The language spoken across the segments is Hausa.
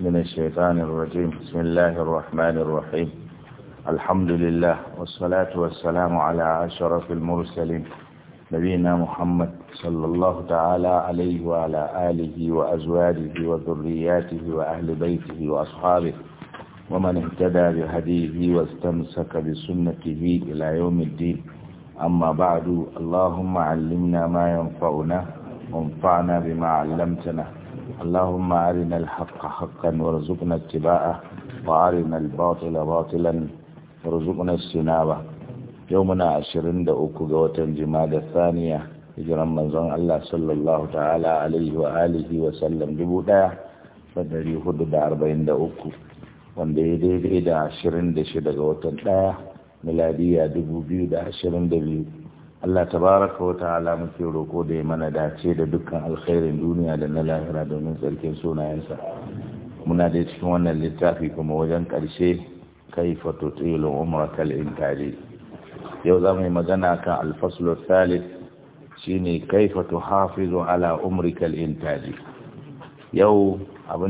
من الشيطان الرجيم بسم الله الرحمن الرحيم الحمد لله والصلاة والسلام على أشرف المرسلين نبينا محمد صلى الله تعالى عليه وعلى آله وأزواجه وذرياته وأهل بيته وأصحابه ومن اهتدى بهديه واستمسك بسنته إلى يوم الدين أما بعد اللهم علمنا ما ينفعنا وانفعنا بما علمتنا اللهم أرنا الحق حقا وارزقنا اتباعه وأرنا الباطل باطلا وارزقنا السنابة يومنا عشرين jima'a da جماد الثانية hijiran manzon Allah sallallahu ta'ala alaihi wa alihi wa sallam dubu daya da dari hudu da arba'in da uku wanda ya daidai da ashirin da shida ga watan miladiya dubu biyu da ashirin da biyu Allah ta baraka wa ta'ala muke roko da ya mana dace da dukkan alkhairin duniya da na lahira domin tsarkin sunayensa muna da cikin wannan littafi kuma wajen ƙarshe kaifa tutilu kal intaji yau za mu yi magana kan alfaslu thalith shine kai tuhafizu ala kal intaji yau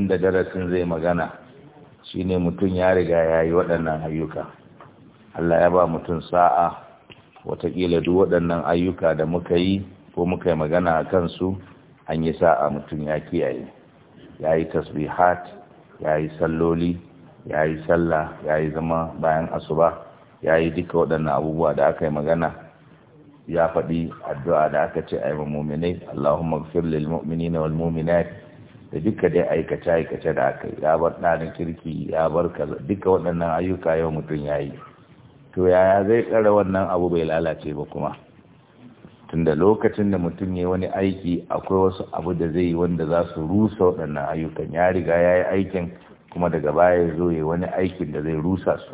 da darasin zai magana shine mutum ya riga ya yi waɗannan ayyuka Allah ya ba mutum sa'a Wataƙila duk waɗannan ayyuka da muka yi ko muka yi magana a kansu an yi sa'a mutum ya kiyaye ya yi tasbihat ya yi salloli ya yi sallah ya yi zama bayan asuba ya yi duka waɗannan abubuwa da aka yi magana ya faɗi addu'a da aka ce a yi mummune Allahumma gfir lil na walmumina da duka dai aikace aikace da aka yi ya bar ɗanin kirki ya bar kaza duka waɗannan ayyuka yau mutum ya yi to yaya zai kara wannan abu bai lalace ba kuma tunda lokacin da mutum ya wani aiki akwai wasu abu da zai yi wanda za su rusa waɗannan ayyukan ya riga ya yi aikin kuma daga baya ya zo ya wani aikin da zai rusa su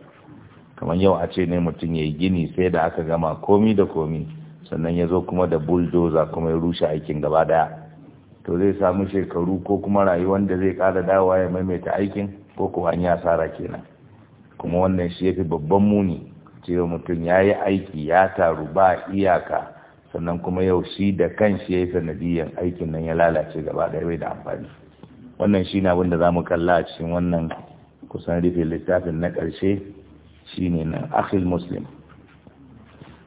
kamar yau a ce ne mutum ya yi gini sai da aka gama komi da komi sannan ya zo kuma da bulldozer kuma ya rushe aikin gaba daya to zai samu shekaru ko kuma rayuwar da zai ƙara dawo ya maimaita aikin ko kuwa an yi asara kenan kuma wannan shi ya fi babban muni cewa mutum ya yi aiki ya taru ba iyaka sannan kuma yau shi da kan shi ya yi sanadiyyar aikin nan ya lalace gaba ɗaya bai da amfani wannan shi abin da za mu kalla a cikin wannan kusan rufe littafin na ƙarshe shi ne nan akhil muslim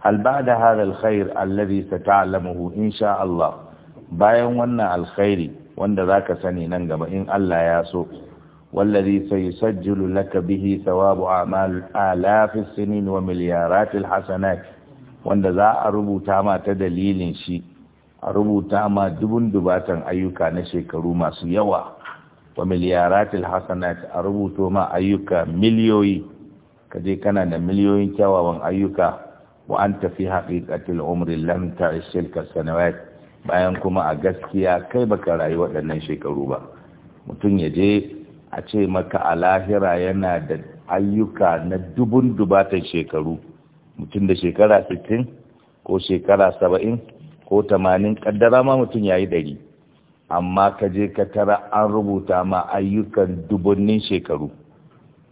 Alba'da hada alkhair allazi sata'lamuhu insha Allah bayan wannan alkhairi wanda zaka sani nan gaba in Allah ya so والذي سيسجل لك به ثواب أعمال آلاف السنين ومليارات الحسنات wanda za a rubuta ma ta dalilin shi a rubuta ma dubun dubatan ayyuka na shekaru masu yawa wa miliyaratil hasanat a rubuto ma ayyuka miliyoyi kaje kana da miliyoyin kyawawan ayyuka wa an tafi haqiqatil umri lam ta'ish tilka sanawat bayan kuma a gaskiya kai baka rayu waɗannan shekaru ba mutum ya je a ce maka a lahira yana da ayyuka na dubun dubatan shekaru mutum da shekara 60 ko shekara 70 ko 80 kaddara ma mutum ya yi dari amma ka je ka tara an rubuta ma ayyukan dubunnin shekaru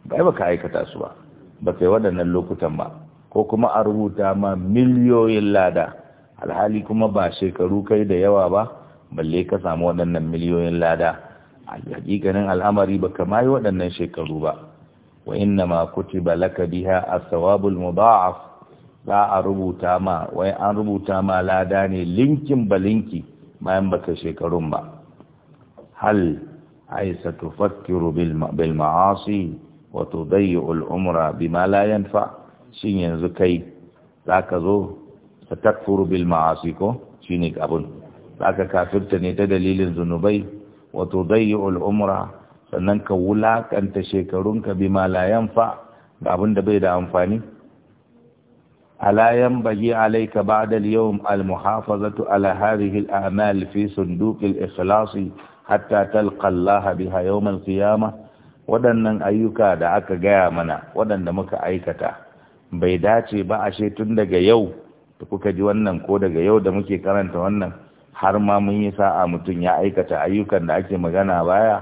bai baka aikata su ba ba kai waɗannan lokutan ba ko kuma a rubuta ma miliyoyin lada alhali kuma ba shekaru kai da yawa ba balle ka samu waɗannan miliyoyin lada hakikanin al'amari ba ka yi waɗannan shekaru ba wa inna ma kutiba laka biha a sawabul mudha'af za a rubuta ma wai an rubuta ma lada ne linkin balinki bayan baka shekarun ba hal aisa tufakkiru bil ma'asi wa tudayyi'u al-umra bima la yanfa shin yanzu kai zaka zo ta takfuru bil ma'asi ko shine abun zaka kafirta ne ta dalilin zunubai wato dayyul umra sannan ka wulakanta shekarunka bima la yanfa da abin da bai da amfani ala yanbaghi alayka ba'da al-yawm al-muhafazatu ala hadhihi al-a'mal fi sunduq al-ikhlas hatta talqa Allah biha yawm al-qiyamah waɗannan ayyuka da aka gaya mana waɗanda muka aikata bai dace ba ashe tun daga yau da kuka ji wannan ko daga yau da muke karanta wannan har ma mun yi sa'a mutum ya aikata ayyukan da ake magana baya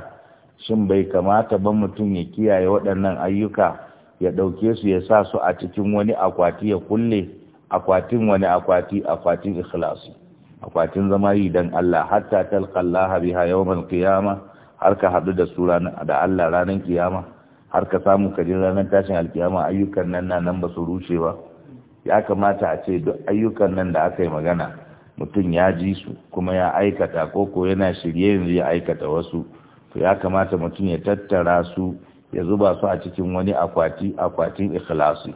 shin bai kamata ba mutum ya kiyaye waɗannan ayyuka ya ɗauke su ya sa su a cikin wani akwati ya kulle akwatin wani akwati akwatin ikhlasu akwatin zama yi don Allah hatta talqallaha biha yawmal qiyama har ka haɗu da su da Allah ranar kiyama har ka samu ka ranar tashin alkiyama ayyukan nan na nan ba su rushe ba ya kamata a ce duk ayyukan nan da aka yi magana mutum ya ji su kuma ya aikata koko yana shirye yanzu ya aikata wasu to ya kamata mutum ya tattara su ya zuba su a cikin wani akwati akwatin ikhlasi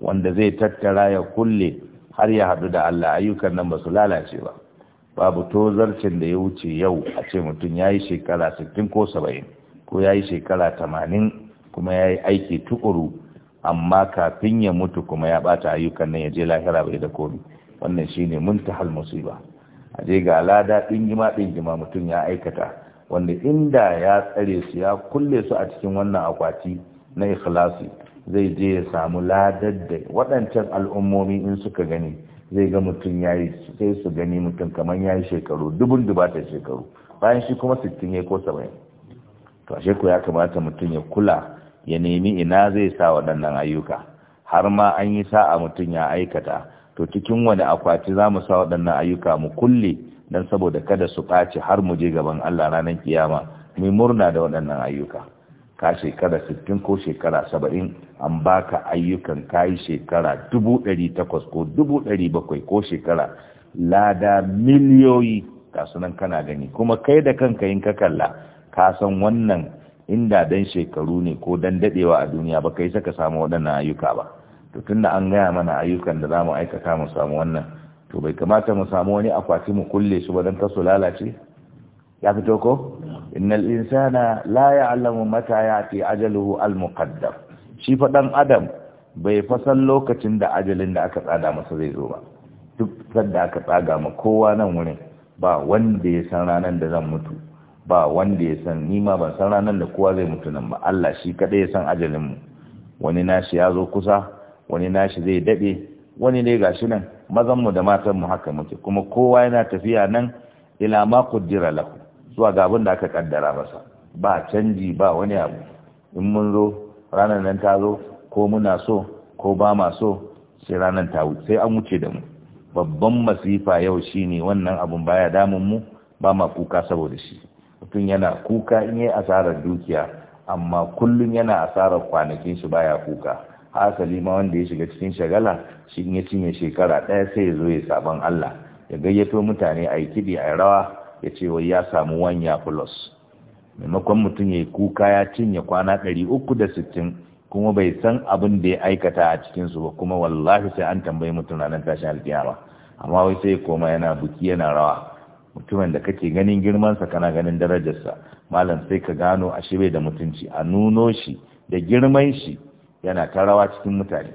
wanda zai tattara ya kulle har ya haɗu da Allah ayyukan nan ba su lalace ba babu tozarcin da ya wuce yau a ce mutum ya yi shekara 60 ko 70 ko ya yi shekara 80 kuma ya yi aiki tukuru amma kafin ya mutu kuma ya ɓata ayyukan nan ya je lahira bai da komi wannan shine muntahal musiba je ga lada ɗingima dingima mutum ya aikata wanda inda ya tsare su ya kulle su a cikin wannan akwati na ikhlasi zai je ya samu ladar da waɗancan al'ummomi in suka gani zai ga mutum ya yi sai su gani mutum kamar ya yi shekaru dubun dubatar shekaru bayan shi kuma sittin ya ko 70 to ashe ko ya kamata mutum ya kula ya nemi ina zai sa waɗannan ayyuka har ma an yi sa'a mutum ya aikata to cikin wani akwati za mu sa waɗannan ayyuka mu kulle don saboda kada su ɓaci har mu je gaban Allah ranar kiyama mu murna da waɗannan ayyuka ka shekara sittin ko shekara saba'in an baka ayyukan kayi shekara takwas ko bakwai ko shekara lada miliyoyi ga sunan kana gani kuma kai da kanka yin ka kalla ka san wannan inda dan shekaru ne ko dan dadewa a duniya ba kai saka samu waɗannan ayyuka ba to tunda an gaya mana ayyukan da zamu aikata mu samu wannan to bai kamata mu samu wani akwati mu kulle su ba dan kasu lalace ya fito ko innal insana la ya'lamu mata ya'ti ajaluhu al-muqaddam shi fa dan adam bai fasan lokacin da ajalin da aka tsada masa zai zo ba duk sanda aka tsaga ma kowa nan wurin ba wanda ya san ranar da zan mutu ba wanda ya san ni ma ban san ranar da kowa zai mutu nan ba Allah shi kadai ya san ajalin mu wani nashi ya zo kusa wani nashi zai daɗe wani ne gashi nan mu da matan mu haka muke kuma kowa yana tafiya nan ila ma kuddira lahu zuwa ga abin da aka kaddara masa ba canji ba wani abu in mun zo ranar nan ta zo ko muna so ko ba ma so sai ranar ta wuce sai an wuce da mu babban masifa yau shine wannan abun baya damun mu ba ma kuka saboda shi mutum yana kuka in yi asarar dukiya amma kullum yana asarar kwanakin shi baya kuka hasali ma wanda ya shiga cikin shagala shi ya cinye shekara ɗaya sai ya zo ya sabon Allah ya gayyato mutane a yi kiɗi a rawa ya ce wai ya samu wanya plus maimakon mutum ya yi kuka ya cinye kwana ɗari uku da sittin kuma bai san abin da ya aikata a cikinsu ba kuma wallahi sai an tambayi mutum ranar tashin alkiyama amma wai sai koma yana buki yana rawa mutumin da kake ganin girmansa kana ganin darajarsa malam sai ka gano ashe bai da mutunci a nuno shi da girman shi yana ta rawa cikin mutane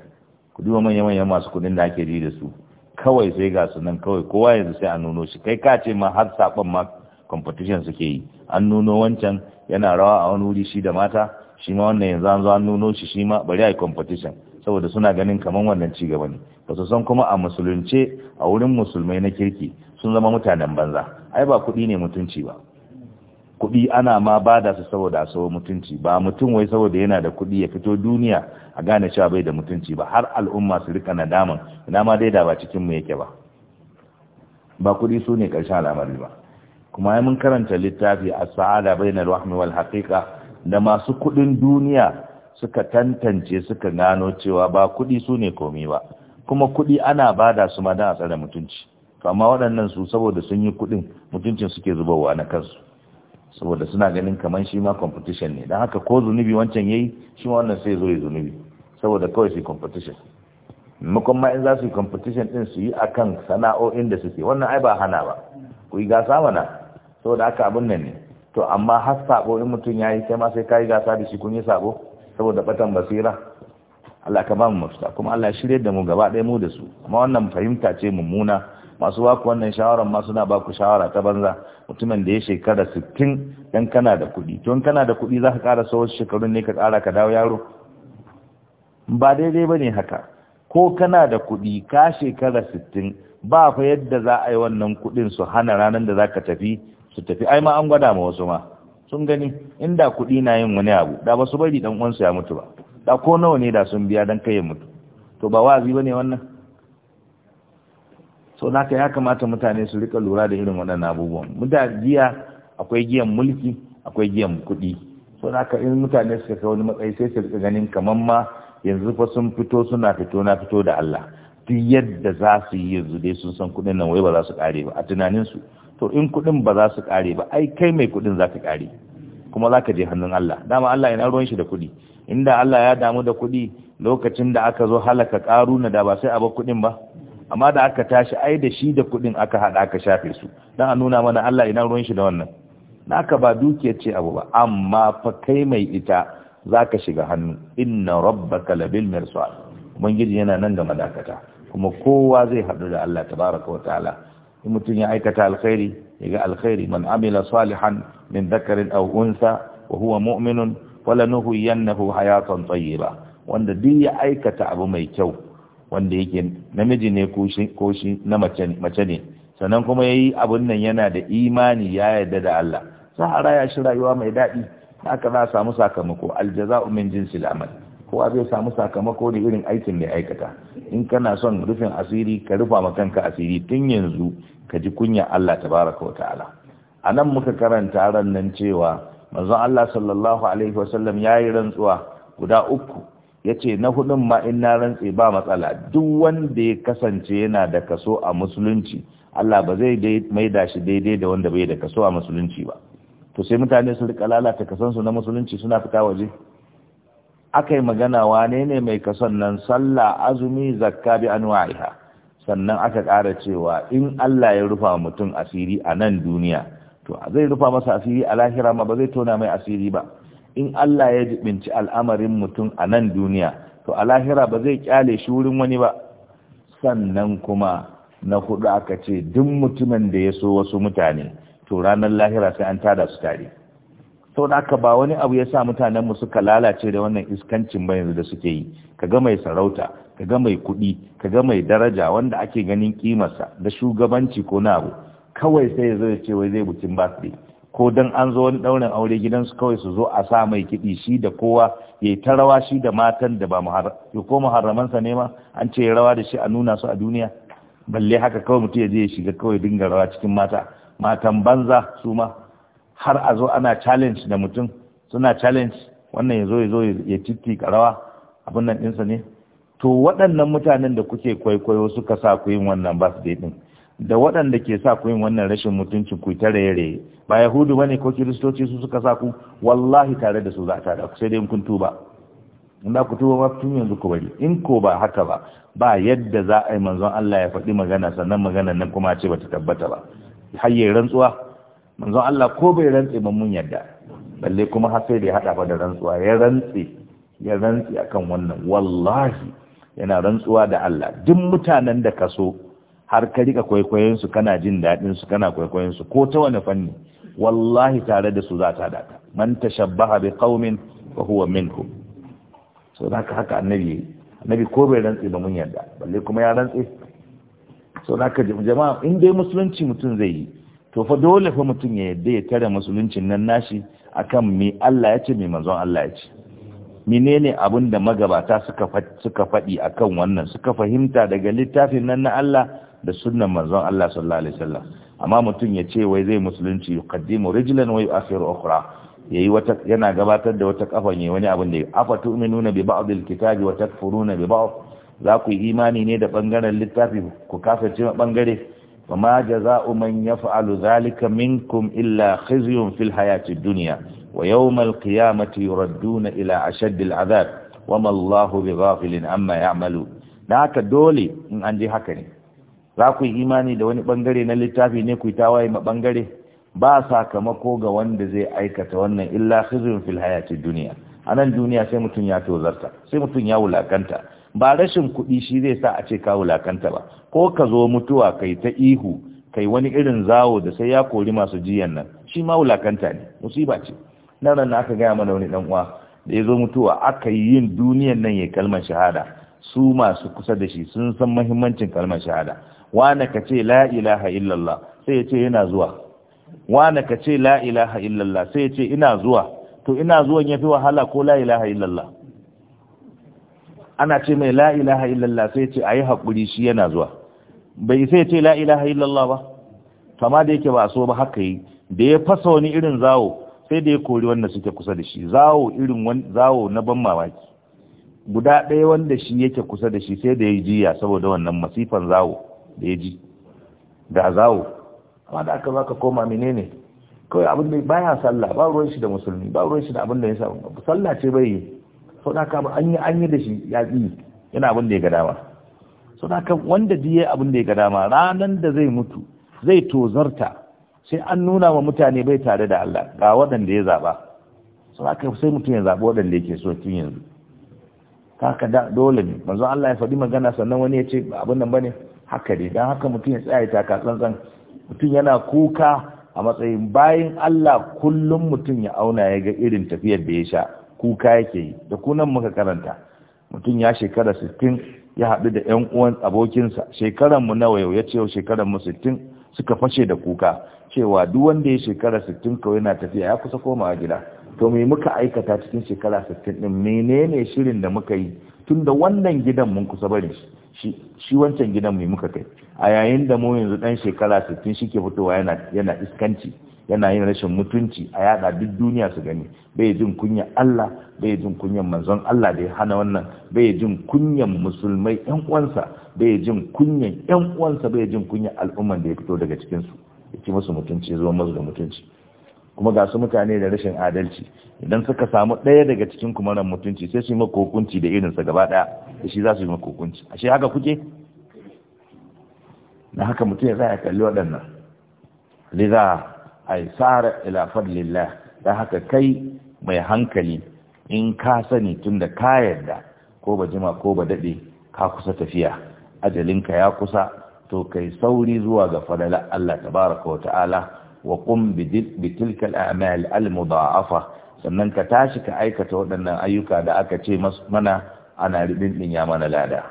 ku duba manya-manyan masu kudin da ake ji da su kawai sai ga su nan kawai kowa yanzu sai a nuno shi kai ka ce ma har saɓon ma competition suke yi an nuno wancan yana rawa a wani wuri shi da mata shi ma wannan yanzu an zo an nuno shi shi ma bari a yi competition saboda suna ganin kamar wannan ci gaba ne ba su san kuma a musulunce a wurin musulmai na kirki sun zama mutanen banza ai ba kuɗi ne mutunci ba kuɗi ana ma bada su saboda a sawo mutunci ba mutum wai saboda yana da kuɗi ya fito duniya a gane cewa bai da mutunci ba har al'umma su rika nadaman ina ma dai da ba cikin mu yake ba ba kuɗi su ne ƙarshen al'amari ba kuma ya mun karanta littafi a sa'ada bai na rahmi wal haƙiƙa da masu kuɗin duniya suka tantance suka gano cewa ba kuɗi su ne komi ba kuma kuɗi ana bada su ma don a tsare mutunci to amma waɗannan su saboda sun yi kuɗin mutuncin suke zubarwa na kansu saboda suna ganin kamar shi ma competition ne don haka ko zunubi wancan yayi shi ma wannan sai zo yi zunubi saboda kawai su competition maimakon ma in za su yi competition din su yi a kan sana'o'in da suke wannan ai ba hana ba ku yi gasa mana saboda haka abin nan ne to amma har sabo in mutum yi kai ma sai ka yi gasa da shi kun yi sabo saboda batan basira Allah ka ba mu mafita kuma Allah shirye da mu gaba ɗaya mu da su amma wannan fahimta ce mummuna masu ba wannan shawarar ma suna baku shawara ta banza mutumin da ya shekara sittin dan kana da kuɗi to in kana da kuɗi za ka kara sauran shekarun ne ka ƙara ka dawo yaro ba daidai ba ne haka ko kana da kuɗi ka shekara sittin ba fa yadda za a yi wannan kuɗin su hana ranar da za ka tafi su tafi ai ma an gwada ma wasu ma sun gani inda kuɗi na yin wani abu da ba su bari dan uwansu ya mutu ba da ko nawa ne da sun biya dan kai ya mutu to ba wazi bane wannan so ya kamata mutane su rika lura da irin waɗannan abubuwan muda giya akwai giyan mulki akwai giyan kuɗi so in mutane suka kai wani matsayi sai su rika ganin kamar ma yanzu fa sun fito suna fito na fito da Allah duk yadda za su yi yanzu dai sun san kuɗin nan wai ba za su ƙare ba a tunaninsu to in kuɗin ba za su ƙare ba ai kai mai kuɗin za ka ƙare kuma za ka je hannun Allah dama Allah yana ruwan shi da kuɗi inda Allah ya damu da kuɗi lokacin da aka zo halaka na da ba sai a bar kuɗin ba amma da aka tashi ai da shi da kudin aka hada aka shafe su dan a nuna mana Allah ina ruwan shi da wannan naka ba dukiyar ce abu ba amma fa kai mai ita zaka shiga hannu inna rabbaka labil mirsad ubangiji yana nan ga madakata kuma kowa zai hadu da Allah tabaraka wa ta'ala in mutum ya aikata alkhairi ya ga alkhairi man amila salihan min dhakarin aw unsa wa huwa mu'minun wala nuhiyannahu hayatan tayyiba wanda duk ya aikata abu mai kyau wanda yake namiji ne ko shi na mace ne sannan kuma ya yi abin nan yana da imani ya yarda da Allah sahara ya shi rayuwa mai daɗi haka za a samu sakamako aljaza'u umin jinsi amal kowa zai samu sakamako da irin aikin da aikata in kana son rufin asiri ka rufa ma kanka asiri tun yanzu ka ji kunya Allah tabaraka wa ta'ala a nan muka karanta ran nan cewa manzon Allah sallallahu alaihi wasallam ya yi rantsuwa guda uku ya ce na hudun ma in na rantse ba matsala duk wanda ya kasance yana da kaso a musulunci Allah ba zai da shi daidai da wanda bai da kaso a musulunci ba to sai mutane su rika lalata kasansu na musulunci suna fita waje aka magana wane ne mai kason nan sallah azumi zakka bi anwa'iha sannan aka kara cewa in Allah ya rufa mutum asiri a nan duniya to zai rufa masa asiri a lahira ma ba zai tona mai asiri ba in Allah ya jibinci al'amarin mutum a nan duniya to a lahira ba zai kyale shi wurin wani ba sannan kuma na hudu aka ce duk mutumin da ya so wasu mutane to ranar lahira sai an tada su tare sau da aka ba wani abu ya sa mutanenmu suka lalace da wannan iskancin ba yanzu da suke yi kaga mai sarauta kaga mai kuɗi kaga mai daraja wanda ake ganin kimarsa da shugabanci ko na abu kawai sai ya zo ya ce wai zai bucin birthday ko dan an zo wani daurin aure gidansu kawai su zo a sa mai kiɗi shi da kowa ya yi ta rawa shi da matan da ba ko muharramansa ne ma an ce rawa da shi a nuna su a duniya balle haka kawai mutum ya je ya shiga kawai dinga rawa cikin mata matan banza su ma har a zo ana challenge da mutum suna challenge wannan ya zo ya zo ya titi rawa abin nan ɗinsa ne to waɗannan mutanen da kuke kwaikwayo suka sa ku yin wannan birthday ɗin da waɗanda ke sa ku yin wannan rashin mutuncin ku ta raye-raye ba yahudu ba ne ko kiristoci su suka sa ku wallahi tare da su za a da ku sai dai kun tuba in za ku tuba ba tun yanzu ku bari in ko ba haka ba ba yadda za a yi manzon Allah ya faɗi magana sannan magana nan kuma ce ba ta tabbata ba hayye rantsuwa manzon Allah ko bai rantse ba mun yadda balle kuma har sai da ya haɗa fa da rantsuwa ya rantse ya rantse akan wannan wallahi yana rantsuwa da Allah duk mutanen da ka so har ka rika kwaikwayon su kana jin daɗin su kana kwaikwayon su ko ta wani fanni wallahi tare da su za ta daka man tashabbaha bi qaumin wa huwa minhum so da haka annabi annabi ko bai rantsi ba mun yarda balle kuma ya rantsi so da haka jama'a in dai musulunci mutum zai yi to fa dole fa mutum ya yarda ya tare musuluncin nan nashi akan me Allah ya ce me manzon Allah ya ce menene abin da magabata suka suka faɗi akan wannan suka fahimta daga littafin nan na Allah da sunnan manzon Allah sallallahu alaihi wasallam amma mutum ya ce wai zai musulunci yuqaddimu rijlan wa yu'akhiru ukhra yayi wata yana gabatar da wata kafa yayi wani abin da afatu minuna bi ba'd wata wa takfuruna bi ba'd za ku yi imani ne da bangaren littafi ku kafirce ma bangare wa ma jaza'u man yaf'alu zalika minkum illa khizyun fil hayati dunya wa yawmal qiyamati yuradduna ila ashaddil adhab wama Allahu bighafilin amma ya'malu da haka dole in an ji haka ne za ku yi imani da wani bangare na littafi ne ku yi tawaye ma bangare ba sakamako ga wanda zai aikata wannan illa khizrun fil hayati duniya anan nan duniya sai mutum ya tozarta sai mutum ya wulakanta ba rashin kuɗi shi zai sa a ce ka wulakanta ba ko ka zo mutuwa kai ta ihu kai wani irin zawo da sai ya kori masu jiyan nan shi ma wulakanta ne musiba ce nan ran aka gaya mana wani dan uwa da ya zo mutuwa aka yi yin duniyan nan ya kalmar shahada su masu kusa da shi sun san mahimmancin kalmar shahada wane ka ce la ilaha illallah sai ya ce yana zuwa wane ka ce la ilaha illallah sai ya ce ina zuwa to ina zuwan yafi wahala ko la ilaha illallah ana ce mai la ilaha illallah sai ya ce yi haƙuri shi yana zuwa bai sai ya ce la ilaha illallah ba kama da yake ba so ba haka yi da ya fasa wani irin zawo sai da ya kori wanda suke kusa da shi zawo irin zawo na ban mamaki guda ɗaya wanda shi yake kusa da shi sai da ya jiya saboda wannan masifan zawo da ya ji da zawo amma da aka baka koma menene kawai abin da baya sallah ba ruwan shi da musulmi ba ruwan shi da abin da ya samu sallah ce bai yi so da ka an yi an yi da shi ya yi yana abin da ya ga dama so da ka wanda diye abin da ya ga dama ranan da zai mutu zai tozarta sai an nuna wa mutane bai tare da Allah ga waɗanda ya zaba so da ka sai mutum ya zaba waɗanda yake so tun yanzu haka dole ne manzon Allah ya faɗi magana sannan wani ya ce abin nan bane haka ne don haka mutum ya tsaya taka tsantsan mutum yana kuka a matsayin bayan Allah kullum mutum ya auna ya ga irin tafiyar da ya sha kuka yake yi da kunan muka karanta mutum ya shekara sittin ya haɗu da ‘yan uwan abokinsa shekaran mu nawa yau ya ce yau shekaran mu sittin suka fashe da kuka cewa duk wanda ya shekara sittin kawai yana tafiya ya kusa komawa gida to me muka aikata cikin shekara sittin din menene shirin da muka yi tunda wannan gidan mun kusa bari shi shi wancan gidan mai muka kai a yayin da mu yanzu dan shekara 60 shike fitowa yana yana iskanci yana yin rashin mutunci a yada duk duniya su gani bai jin kunya Allah bai jin kunyan manzon Allah da ya hana wannan bai jin kunyan musulmai yan uwansa bai jin kunyan yan uwansa bai jin kunyan al'umman da ya fito daga cikin su yake musu mutunci zuwa musu da mutunci kuma ga su mutane da rashin adalci idan suka samu ɗaya daga cikin kumaran mutunci sai su yi makokunci da irinsa gaba ɗaya da shi za su yi makokunci a ashe haka kuke na haka mutum ya tsaya kalli waɗannan liza ai tsara ilafar lilla da haka kai mai hankali in ka sani tun da ka yarda ko ba jima ko ba daɗe ka kusa tafiya ajalinka ya kusa to kai sauri zuwa ga fadala Allah tabaraka wa ta'ala wa qum bitilka al-a'mal al-mudha'afa sannan ka tashi ka aikata waɗannan ayyuka da aka ce mana ana ribin din ya mana lada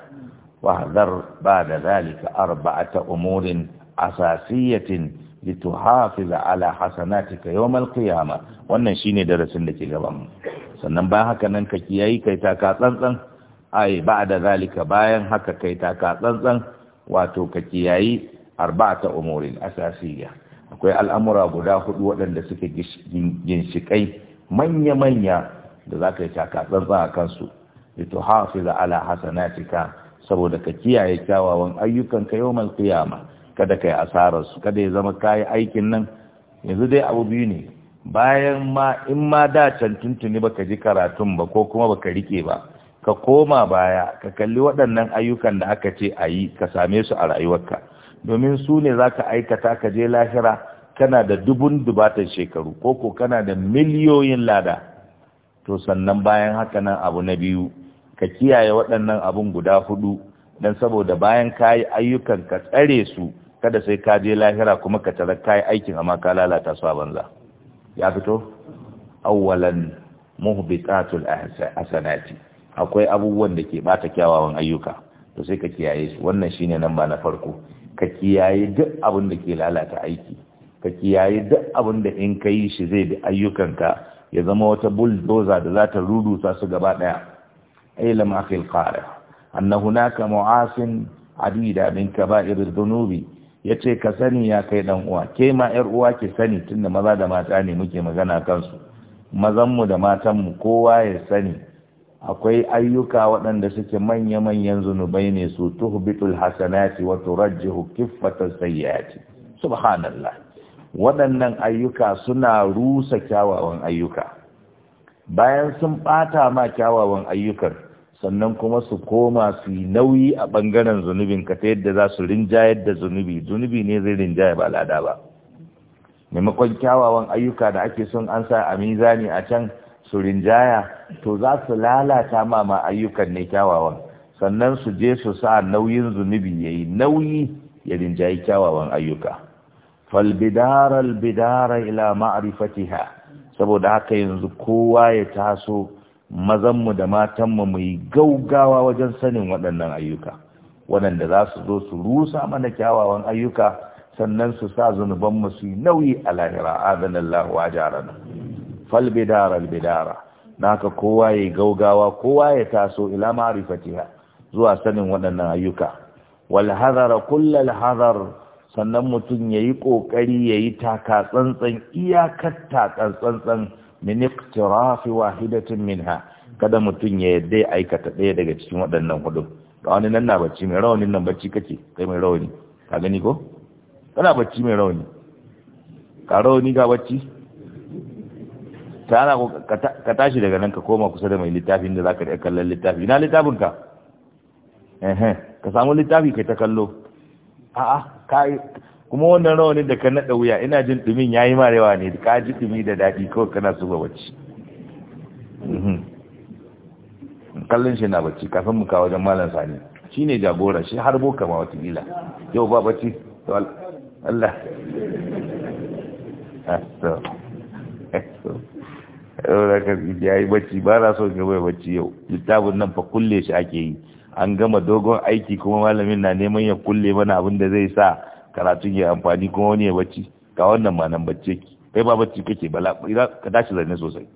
wa hadar ba'da zalika arba'ata umurin asasiyatin lituhafiza ala hasanatika yawmal qiyamah wannan shine darasin da ke gaban mu sannan bayan haka nan ka kiyayi kai taka tsantsan ai ba da zalika bayan haka kai taka tsantsan wato ka kiyayi arba'ata umurin asasiyya akwai al'amura guda hudu waɗanda suke ginshikai manya-manya da za ka yi taka tsantsan a kansu ito hafi za ala cika saboda ka kiyaye kyawawan ayyukan ka mai kuyama kada ka yi asararsu kada ya zama ka yi aikin nan yanzu dai abu biyu ne bayan ma in ma da can tuntuni ba ka ji karatun ba ko kuma ba ka rike ba ka koma baya ka kalli waɗannan ayyukan da aka ce a yi ka same su a rayuwarka domin su ne za ka aikata ka je lahira kana da dubun dubatan shekaru ko ko kana da miliyoyin lada to sannan bayan haka nan abu na biyu ka kiyaye waɗannan abun guda hudu don saboda bayan ka yi ayyukan ka tsare su kada sai ka je lahira kuma ka tarar ka yi aikin amma ka lalata su a banza ya fito awwalan muhbitatul Asanati, akwai abubuwan da ke bata kyawawan ayyuka to sai ka kiyaye su wannan shine nan ba na farko ka kiyaye duk abun da ke lalata aiki ka kiyaye duk abin da in ka yi shi zai bi ayyukanka ya zama wata bulldozer da za ta rudusa su gaba ɗaya ilam akhil qara anna hunaka mu'asin adida min kaba'ir dhunubi yace ka sani ya kai dan uwa ke ma yar uwa ki sani tunda maza da mata ne muke magana kansu mazan mu da matan mu kowa ya sani akwai ayyuka waɗanda suke manya-manyan zunubai ne su tuhbitul hasanati wa turajjihu kiffatan sayyiati subhanallah waɗannan ayyuka suna rusa kyawawan ayyuka bayan sun ɓata ma kyawawan ayyukan sannan kuma su koma su yi nauyi a ɓangaren zunubin ka ta yadda za su rinjayar da zunubi zunubi ne zai rinjaya ba lada ba maimakon kyawawan ayyuka da ake son an sa a mizani a can su rinjaya to za su lalata ma ma ayyukan ne kyawawan sannan su je su sa nauyin zunubi ya yi nauyi ya rinjayi kyawawan ayyuka falbidara albidara ila ma'rifatiha saboda haka yanzu kowa ya taso mazanmu da matanmu mu yi gaugawa wajen sanin waɗannan ayyuka waɗanda za su zo su rusa mana kyawawan ayyuka sannan su sa zunubanmu su yi nauyi a lahira adanallahu jarana. falbidara albidara haka kowa ya gaugawa kowa ya taso ila ma'rifatiha zuwa sanin waɗannan ayyuka walhazara hadara kullal sannan mutum ya yi ƙoƙari ya yi taka-tsantsan iyakar takatsantsan min iktirafi wahidatin minha kada mutum ya yadda ya aikata ɗaya daga cikin waɗannan hudu rawanin nan na bacci mai rawanin nan bacci kake kai mai rawani ka gani ko kana bacci mai rawani ka rawani ga bacci tana ka tashi daga nan ka koma kusa da mai littafin da zaka da kallon littafi na littafin ka ka samu littafi kai ta kallo a'a kai kuma wannan rawani da ka naɗa wuya ina jin ɗumin yayi yi marewa ne ka ji ɗumi da daɗi kawai kana so ba mhm kallon shi na bacci kafin mu kawo wajen malam sani shi jagora shi har boka ma gila yau ba bacci Allah yau ah, eh, da ya yi bacci ba na so gaba bacci yau littafin nan fa kulle shi ake yi an gama dogon aiki kuma malamin na neman ya kulle mana abin da zai sa karatu ya amfani kuma wani ya bacci ga wannan ma nan bacci ki kai ba bacci kake bala ka tashi zanne sosai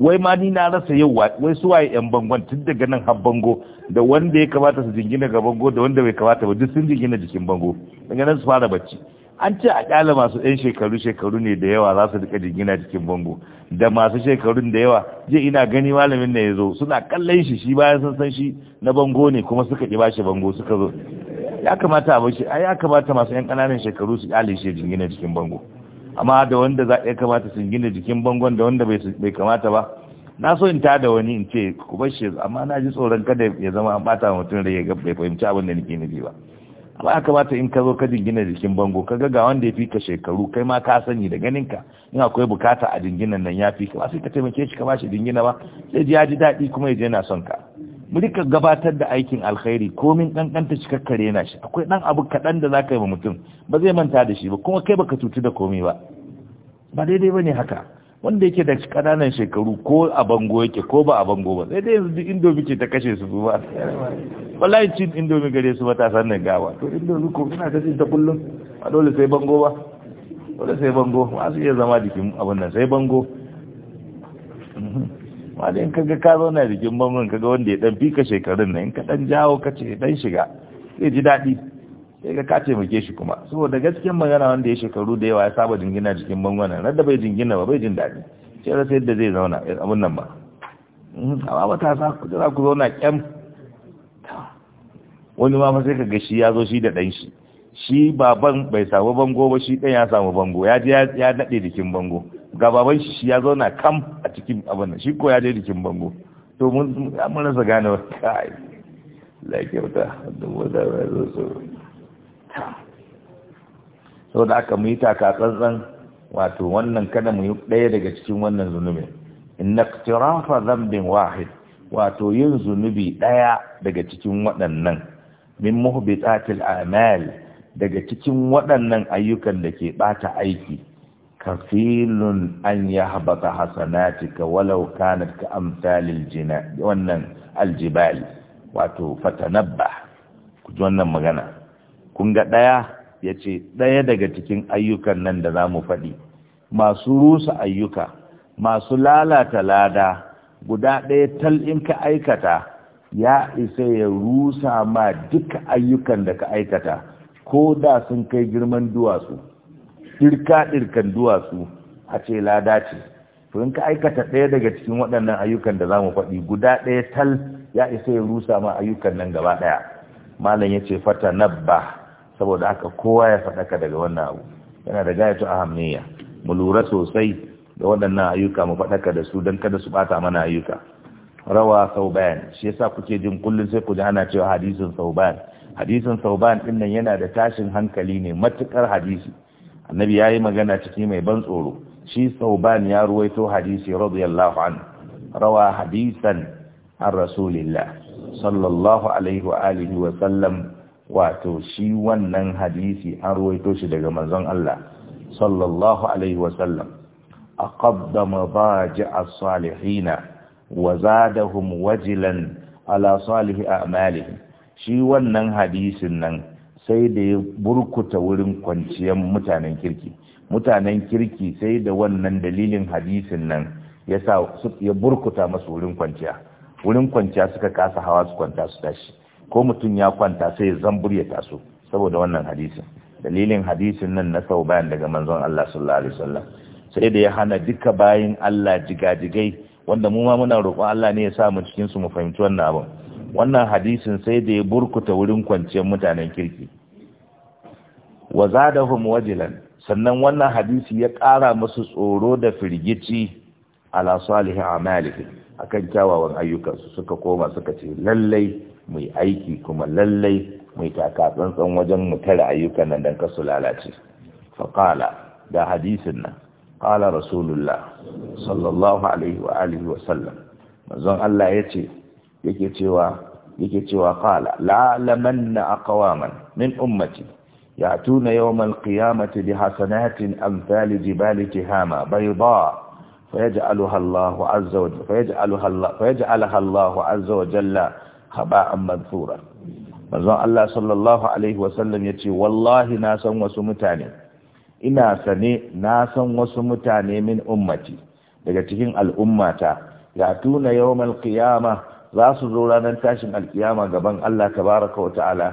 wai ma ni na rasa yau wai su waye yan bangon tun daga nan har bango da wanda ya kamata su jingina ga bango da wanda bai kamata ba duk sun jingina jikin bango daga nan su fara bacci an ce a kyala masu yan shekaru shekaru ne da yawa za su rika jingina cikin bango da masu shekarun da yawa je ina gani malamin na ya zo suna kallon shi shi bayan sun san shi na bango ne kuma suka ki bashi bango suka zo ya kamata a shi ya kamata masu yan ƙananan shekaru su kyale shi jingina cikin bango amma da wanda za ya kamata su gina jikin bangon da wanda bai kamata ba na so in ta da wani in ce ku bar shi amma na ji tsoron kada ya zama an bata mutum da ya bai fahimci abin da nake nufi ba amma aka kamata in ka zo ka jingina jikin bango ka ga wanda ya fi ka shekaru kai ma ka sani da ganin ka in akwai bukata a jinginan nan ya fi ka ba sai ka taimake shi ka ba jingina ba sai ji ya ji daɗi kuma ya je yana son ka mu rika gabatar da aikin alkhairi komin ɗanɗanta shi kakkare na shi akwai dan abu kaɗan da zaka yi wa mutum ba zai manta da shi ba kuma kai baka cutu da komi ba ba daidai ba ne haka wanda yake da kananan shekaru ko a bango yake ko ba a bango ba sai dai yanzu duk indomi ke ta kashe su ba wallahi cin indomi gare su matasan nan gawa to indomi ko ina ta cin ta kullum ba dole sai bango ba dole sai bango ma su iya zama jikin abin nan sai bango ma dai kaga ka zauna jikin bangon kaga wanda ya dan fika shekarun nan in ka dan jawo ka ce dan shiga zai ji daɗi sai ga kace taimake shi kuma saboda gaskiyar magana wanda ya shekaru da yawa ya saba jingina jikin bangonan nan da bai jingina ba bai jin daɗi sai rasa yadda zai zauna abun nan ba hmm, amma sa ku za ku zauna kyam wani ma sai ka ga shi ya zo shi da ɗan shi shi baban bai samu bango ba shi ɗan ya samu bango ya je ya daɗe jikin bango ga baban shi shi ya zauna kam a cikin abin nan shi ko ya je jikin bango to mun rasa gane wata kai la kyauta da wata zo so sau da aka muyi taka tsantsan wato wannan kada mu yi ɗaya daga cikin wannan zunubin inna ƙtirafa zambin wahid wato yin zunubi ɗaya daga cikin waɗannan min muhbitatil amal daga cikin waɗannan ayyukan da ke ɓata aiki kafilun an ya habata hasanatika walau kanat ka amsalil jina wannan aljibali wato fatanabba ku ji wannan magana kun ga ɗaya ya ce ɗaya daga cikin ayyukan nan da za mu faɗi masu rusa ayyuka masu lalata lada guda ɗaya tal in ka aikata ya isa ya rusa ma duka ayyukan da ka aikata ko da sun kai girman duwatsu ɗirka-ɗirkan duwatsu a ce lada ce in ka aikata ɗaya daga cikin waɗannan ayyukan da za mu faɗi guda ɗaya tal ya isa ya rusa ma ayyukan nan gaba ɗaya malam ya ce fata nabba saboda haka kowa ya faɗaka daga wannan abu yana da gayatu ahammiya mu lura sosai da waɗannan ayyuka mu faɗaka da su don kada su bata mana ayyuka rawa sauban shi yasa kuke jin kullum sai ku ji ana cewa hadisin sauban hadisin sauban din nan yana da tashin hankali ne matukar hadisi annabi yayi magana ciki mai ban tsoro shi sauban ya ruwaito hadisi radiyallahu an rawa hadisan an rasulillah sallallahu alaihi wa alihi wa sallam wato shi wannan hadisi an ruwaito shi daga manzon Allah sallallahu alaihi wasallam aqaddama as salihina wa zadahum wajilan ala salihi a'malihim shi wannan hadisin nan sai da ya burkuta wurin kwanciyar mutanen kirki mutanen kirki sai da wannan dalilin hadisin nan ya burkuta masu wurin kwanciya wurin kwanciya suka kasa hawa su kwanta su tashi ko mutum ya kwanta sai ya zambur ya taso saboda wannan hadisin dalilin hadisin nan na sau bayan daga manzon Allah sallallahu alaihi wasallam sai da ya hana duka bayin Allah jigajigai wanda mu ma muna roƙon Allah ne ya sa mu cikin su mu fahimci wannan abin wannan hadisin sai da ya burkuta wurin kwanciyar mutanen kirki wa zadahum wajilan sannan wannan hadisi ya ƙara musu tsoro da firgici ala salih a akan kyawawan ayyukansu suka koma suka ce lallai mu yi aiki kuma lallai mu yi taka tsantsan wajen mu ayyukan nan dan kasu lalace Faƙala, da hadisin nan ƙala rasulullah sallallahu alaihi wa alihi wa sallam manzon Allah yace yake cewa yake cewa ƙala. la lamanna aqwaman min ummati يأتون da hasanatin بحسنات أمثال جبال تهامة بيضاء فيجعلها الله عز وجل فيجعلها الله manzon Allah sallallahu alaihi wasallam yace wallahi na san wasu mutane ina sane na san wasu mutane min ummati daga cikin al'ummata ya tuna yawmal qiyama za su zo ranar tashin alkiyama gaban Allah tabaraka wa ta'ala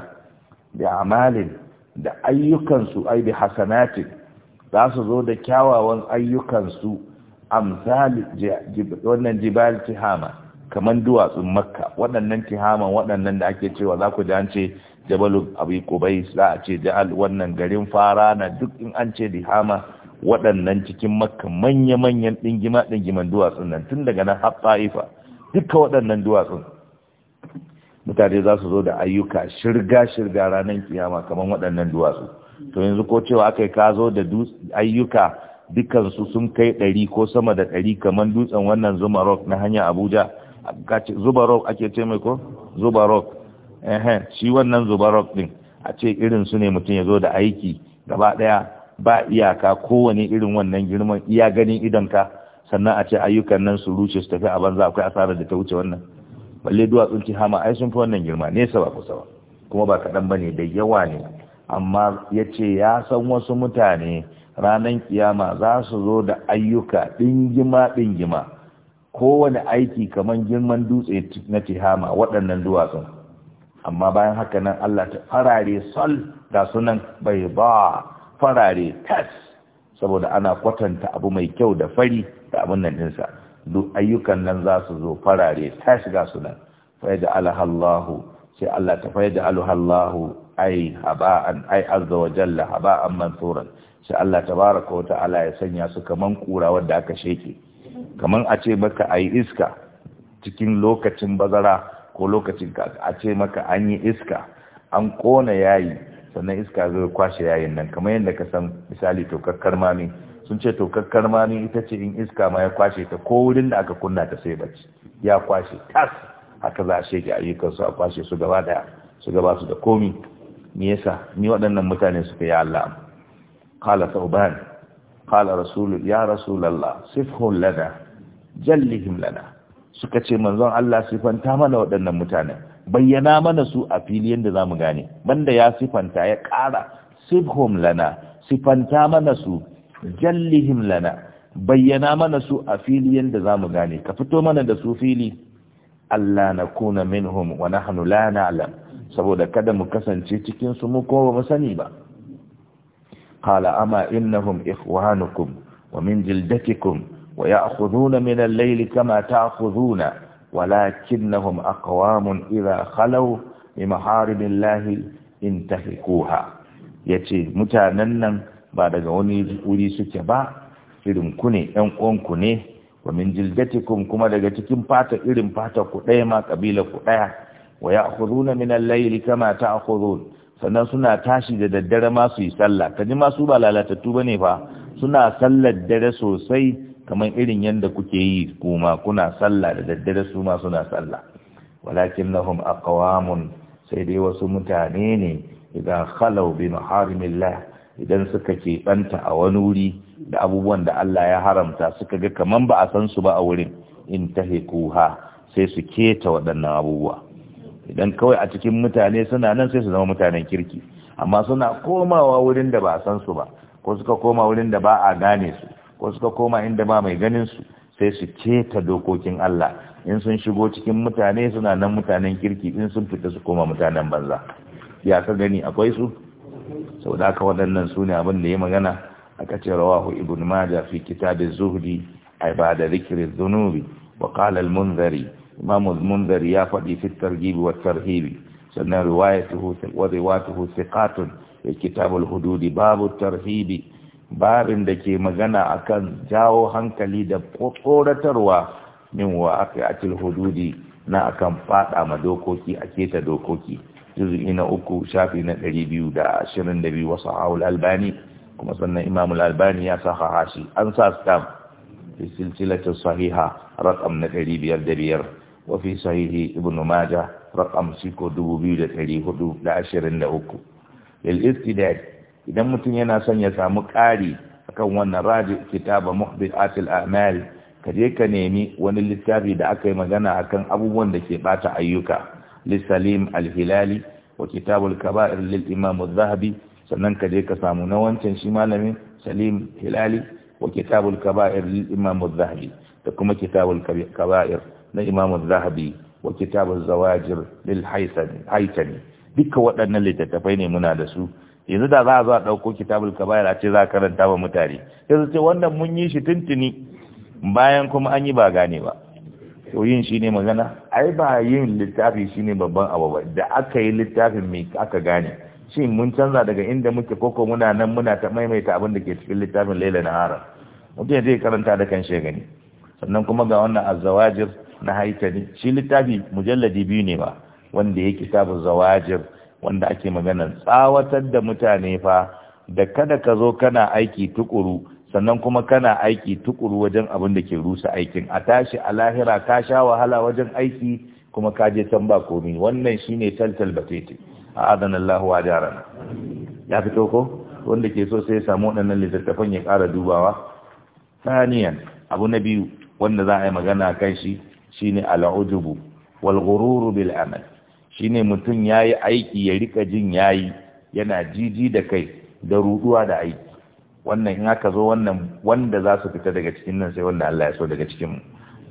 bi amalin da ayyukansu ai bi hasanati za su zo da kyawawan ayyukansu amsal wannan jibal tihama kaman duwatsun makka waɗannan tihaman waɗannan da ake cewa za ku ji ce jabalu abu kubais za a ce ja'al wannan garin fara na duk in an ce dihama waɗannan cikin makka manya-manyan ɗingima ɗingiman duwatsun nan tun daga nan har ta'ifa duka waɗannan duwatsun mutane za su zo da ayyuka shirga-shirga ranar kiyama kamar waɗannan duwatsu to yanzu ko cewa aka yi ka zo da ayyuka dukansu sun kai ɗari ko sama da ɗari kamar dutsen wannan zubarok na hanyar abuja zubarok ake ce mai ko zubarok ehe shi wannan zubarok din a ce irin su ne mutum ya zo da aiki gaba ɗaya ba iyaka kowane irin wannan girman iya ganin ka. sannan a ce ayyukan nan su ruce su tafi a banza akwai asarar da ta wuce wannan balle duwatsun hama ai sun fi wannan girma nesa ba kusa ba kuma ba kaɗan ba ne da yawa ne amma ya ce ya san wasu mutane ranan kiyama za su zo da ayyuka ɗingima ɗingima kowane aiki kamar girman dutse na tihama waɗannan duwatsun amma bayan haka nan Allah ta farare sol ga sunan bai ba farare tas saboda ana kwatanta abu mai kyau da fari da abin nan ɗinsa duk ayyukan nan za su zo farare tas ga sunan fa da alhallahu sai Allah ta fayyada alhallahu ai haba'an ai azza wa jalla haba'an mansuran sai Allah tabaraka wa ta'ala ya sanya su kaman kura wanda aka sheke kaman a ce maka ai iska cikin lokacin bazara ko lokacin ka a ce maka an yi iska an kona yayi sannan iska zai kwashe yayin nan kamar yadda ka san misali tokakkar mami sun ce tokakkar mami ita ce in iska ma ya kwashe ta ko wurin da aka kunna ta sai bacci ya kwashe tas haka za a shege ayyukansu a kwashe su gaba daya su gaba su da komi me yasa ni waɗannan mutane suka yi Allah qala tauban qala rasul ya rasulullah sifhum lana jallihim lana suka ce manzon Allah sifanta mana waɗannan mutane bayyana mana su a fili yanda zamu gane banda ya sifanta ya ƙara sifhum lana sifanta mana su jallihim lana bayyana mana su a fili yanda zamu gane ka fito mana da su fili Allah na kuna minhum wa nahnu la na'lam saboda kada mu kasance cikin su mu ko mu sani ba qala ama innahum ikhwanukum wa min jildatikum wa ya'khuduna min al-layli kama ta'khuduna walakinnahum aqwamun idha khalaw bi maharibillahi intahikuha yace mutanen nan ba daga wani wuri suke ba irin ku ne ɗan uwanku ne wa min jildatikum kuma daga cikin fata irin fata ku ɗaya ma kabila ku ɗaya wa ya'khuduna min al layl kama ta'khudun sannan suna tashi da daddare ma su yi sallah kaji ma su ba lalatattu bane fa suna sallar dare sosai kamar irin yadda kuke yi kuma kuna sallah da daddare su ma suna sallah walakinnahum aqwamun sai dai wasu mutane ne idan khalau bi maharimillah idan suka ke keɓanta a wani wuri da abubuwan da Allah ya haramta suka ga kaman ba a san su ba a wurin in tahikuha sai su keta waɗannan abubuwa idan kawai a cikin mutane suna nan sai su zama mutanen kirki amma suna komawa wurin da ba a san su ba ko suka koma wurin da ba a gane su ko suka koma inda ba mai ganin su sai su keta dokokin Allah in sun shigo cikin mutane suna nan mutanen kirki in sun fita su koma mutanen banza ya ka gani akwai su sau da aka waɗannan su ne abin da ya magana aka ce rawahu ibn majah fi kitab az-zuhdi ay ba'da dhikri adh-dhunubi wa qala al-munzari imam al-munzari ya fadi fi at-targhib wa at-tarhib sannan riwayatuhu wa riwayatuhu thiqatun fi kitab al-hudud bab at-tarhib babin da ke magana akan jawo hankali da kokoratarwa min wa aqiatil hududi na akan fada ma dokoki a keta dokoki juz'i na uku shafi na 222 wasu haul albani kuma sannan Imam al ya sahaha shi an sa stamp fi silsilatu sahiha rakam na 505 wa fi sahihi Ibn maja rakam 6423 il istidad idan mutum yana son ya samu ƙari akan wannan raji kitaba muhbi'atil a'mal ka je ka nemi wani littafi da aka yi magana akan abubuwan da ke bata ayyuka lissalim salim alhilali wa kitabul kaba'ir lil imam az-zahabi sannan ka je ka samu na wancan shi malamin salim hilali wa kitabul kaba'ir lil imam az-zahabi da kuma kitabul kaba'ir na imam az-zahabi wa kitabuz zawajir lil haytami duka waɗannan littattafai ne muna da su yanzu da za a zo a ɗauko kitabul kaba'ir a ce za a karanta ba mutane yanzu ce wannan mun yi shi tuntuni bayan kuma an yi ba gane ba to yin shi ne magana ai ba yin littafi shi ne babban abu ba da aka yi littafin mai aka gane shi mun canza daga inda muke koko muna nan muna ta maimaita abin da ke cikin littafin laila na haram mutum zai karanta da kan gani sannan kuma ga wannan azawajir na haitani shi littafi mujalladi biyu ne ba wanda ya kitabu zawajir wanda ake magana tsawatar da mutane fa da kada ka zo kana aiki tukuru sannan kuma kana aiki tukuru wajen abin da ke rusa aikin a tashi a lahira ka sha wahala wajen aiki kuma ka je can ba komi wannan shine taltal batete A'a adanan wa jarana ya fito ko wanda ke so sai ya samu waɗannan littattafan ya kara dubawa saniyan abu na biyu wanda za a yi magana kan shi shine al'ujubu wal ghururu bil amal shine mutum yayi aiki ya rika jin yayi yana jiji da kai da ruduwa da aiki wannan in aka zo wannan wanda za su fita daga cikin nan sai wanda Allah ya so daga cikin mu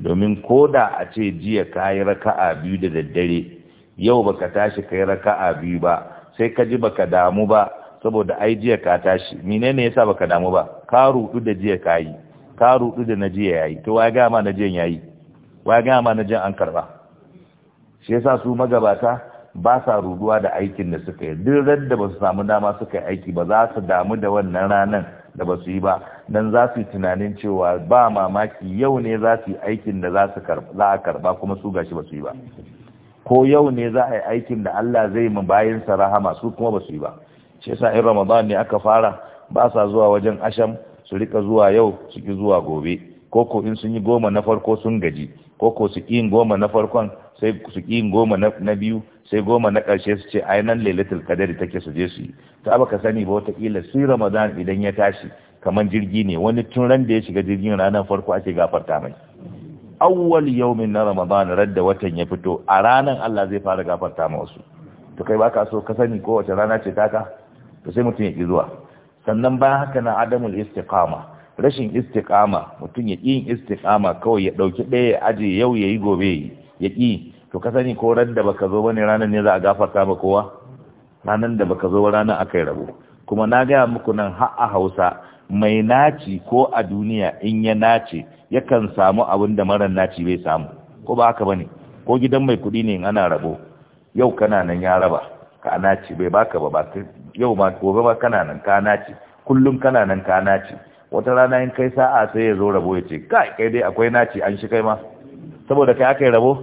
domin koda a ce jiya kayi raka'a biyu da daddare yau baka tashi kai raka'a biyu ba sai ka ji baka damu ba saboda ai jiya ka tashi menene yasa baka damu ba ka rudu da jiya ka yi ka rudu da na jiya yayi to waya ga ma na jiya yayi ga ma na an karba shi yasa su magabata ba sa ruduwa da aikin da suka yi duk da ba su samu dama suka yi aiki ba za su damu da wannan ranan da ba su yi ba dan za su yi tunanin cewa ba mamaki yau ne za su yi aikin da za a karba kuma su gashi ba su yi ba ko yau ne za a yi aikin da Allah zai mu sa rahama su kuma ba su yi ba shi yasa in ramadan ne aka fara ba sa zuwa wajen asham su rika zuwa yau su ki zuwa gobe ko ko in sun yi goma na farko sun gaji ko ko su ki goma na farkon sai su ki goma na biyu sai goma na ƙarshe su ce ai nan lailatul qadari take su je su yi ta baka sani ba wata kila su ramadan idan ya tashi kamar jirgi ne wani tun ran da ya shiga jirgin ranar farko ake gafarta mai awwal yawmin na ramadan radda watan ya fito a ranan Allah zai fara gafarta ma wasu to kai baka so ka sani ko wace rana ce taka to sai mutum ya ki zuwa sannan bayan haka na adamul istiqama rashin istiqama mutum ya ƙi istiqama kawai ya ɗauki ɗaya ya aje yau yayi gobe ya ƙi to ka sani ko ran da baka zo wani ranar ne za a gafarta ba kowa ranar da baka zo ranar aka rabo kuma na gaya muku nan har a hausa mai naci ko a duniya in ya nace yakan samu abin da marar naci bai samu ko ba haka bane ko gidan mai kuɗi ne in ana rabo yau kana nan ya raba ka naci bai baka ba yau ma gobe ba kana nan ka naci kullum kana nan ka naci wata rana in kai sa'a sai ya zo rabo ya ce kai kai dai akwai naci an shi kai ma saboda kai aka yi rabo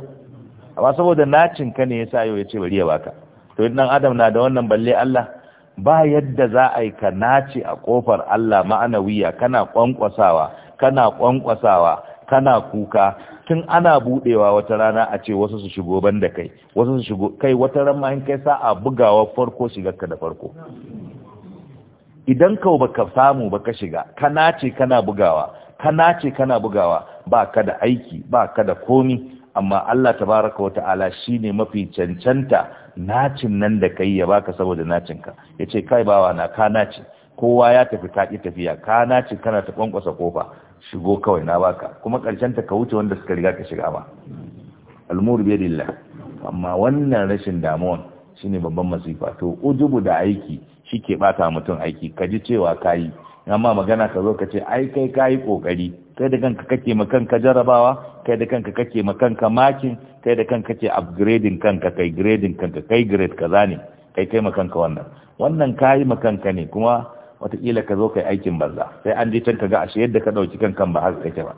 amma saboda nacin ka ne yasa yau ya ce bari ya baka to idan adam na da wannan balle Allah ba yadda za a yi ka naci a kofar Allah ma'anawiya kana kwankwasawa kana kwankwasawa kana kuka tun ana budewa wata rana a ce wasu su shigo ban da kai wasu su shigo kai wata ran ma in kai sa'a bugawa farko ka da farko idan ka baka samu ba ka shiga kana ce kana bugawa kana ce kana bugawa ba ka da aiki ba ka da komi amma Allah tabaraka wa ta'ala shine mafi cancanta nacin nan da kai ya baka saboda nacinka yace kai bawa na ka nace kowa ya tafi ka ki tafiya ka nace kana ta kwankwasa kofa shigo kawai na baka kuma karshen ta ka wuce wanda suka riga ka shiga ba almuru biyadillah amma wannan rashin damuwan shine babban masifa to ujubu da aiki shi ke bata mutum aiki kaji ji cewa kayi amma magana ka zo ka ce ai kai kayi kokari kai da kanka kake ma kanka jarabawa kai da kanka kake ma kanka makin kai da kanka ce upgrading kanka kai grading kanka kai grade kaza ne kai kai ma kanka wannan wannan kai ma kanka ne kuma wataƙila ka zo kai aikin banza sai an je can ka ga ashe yadda ka ɗauki kankan ba haka kake ba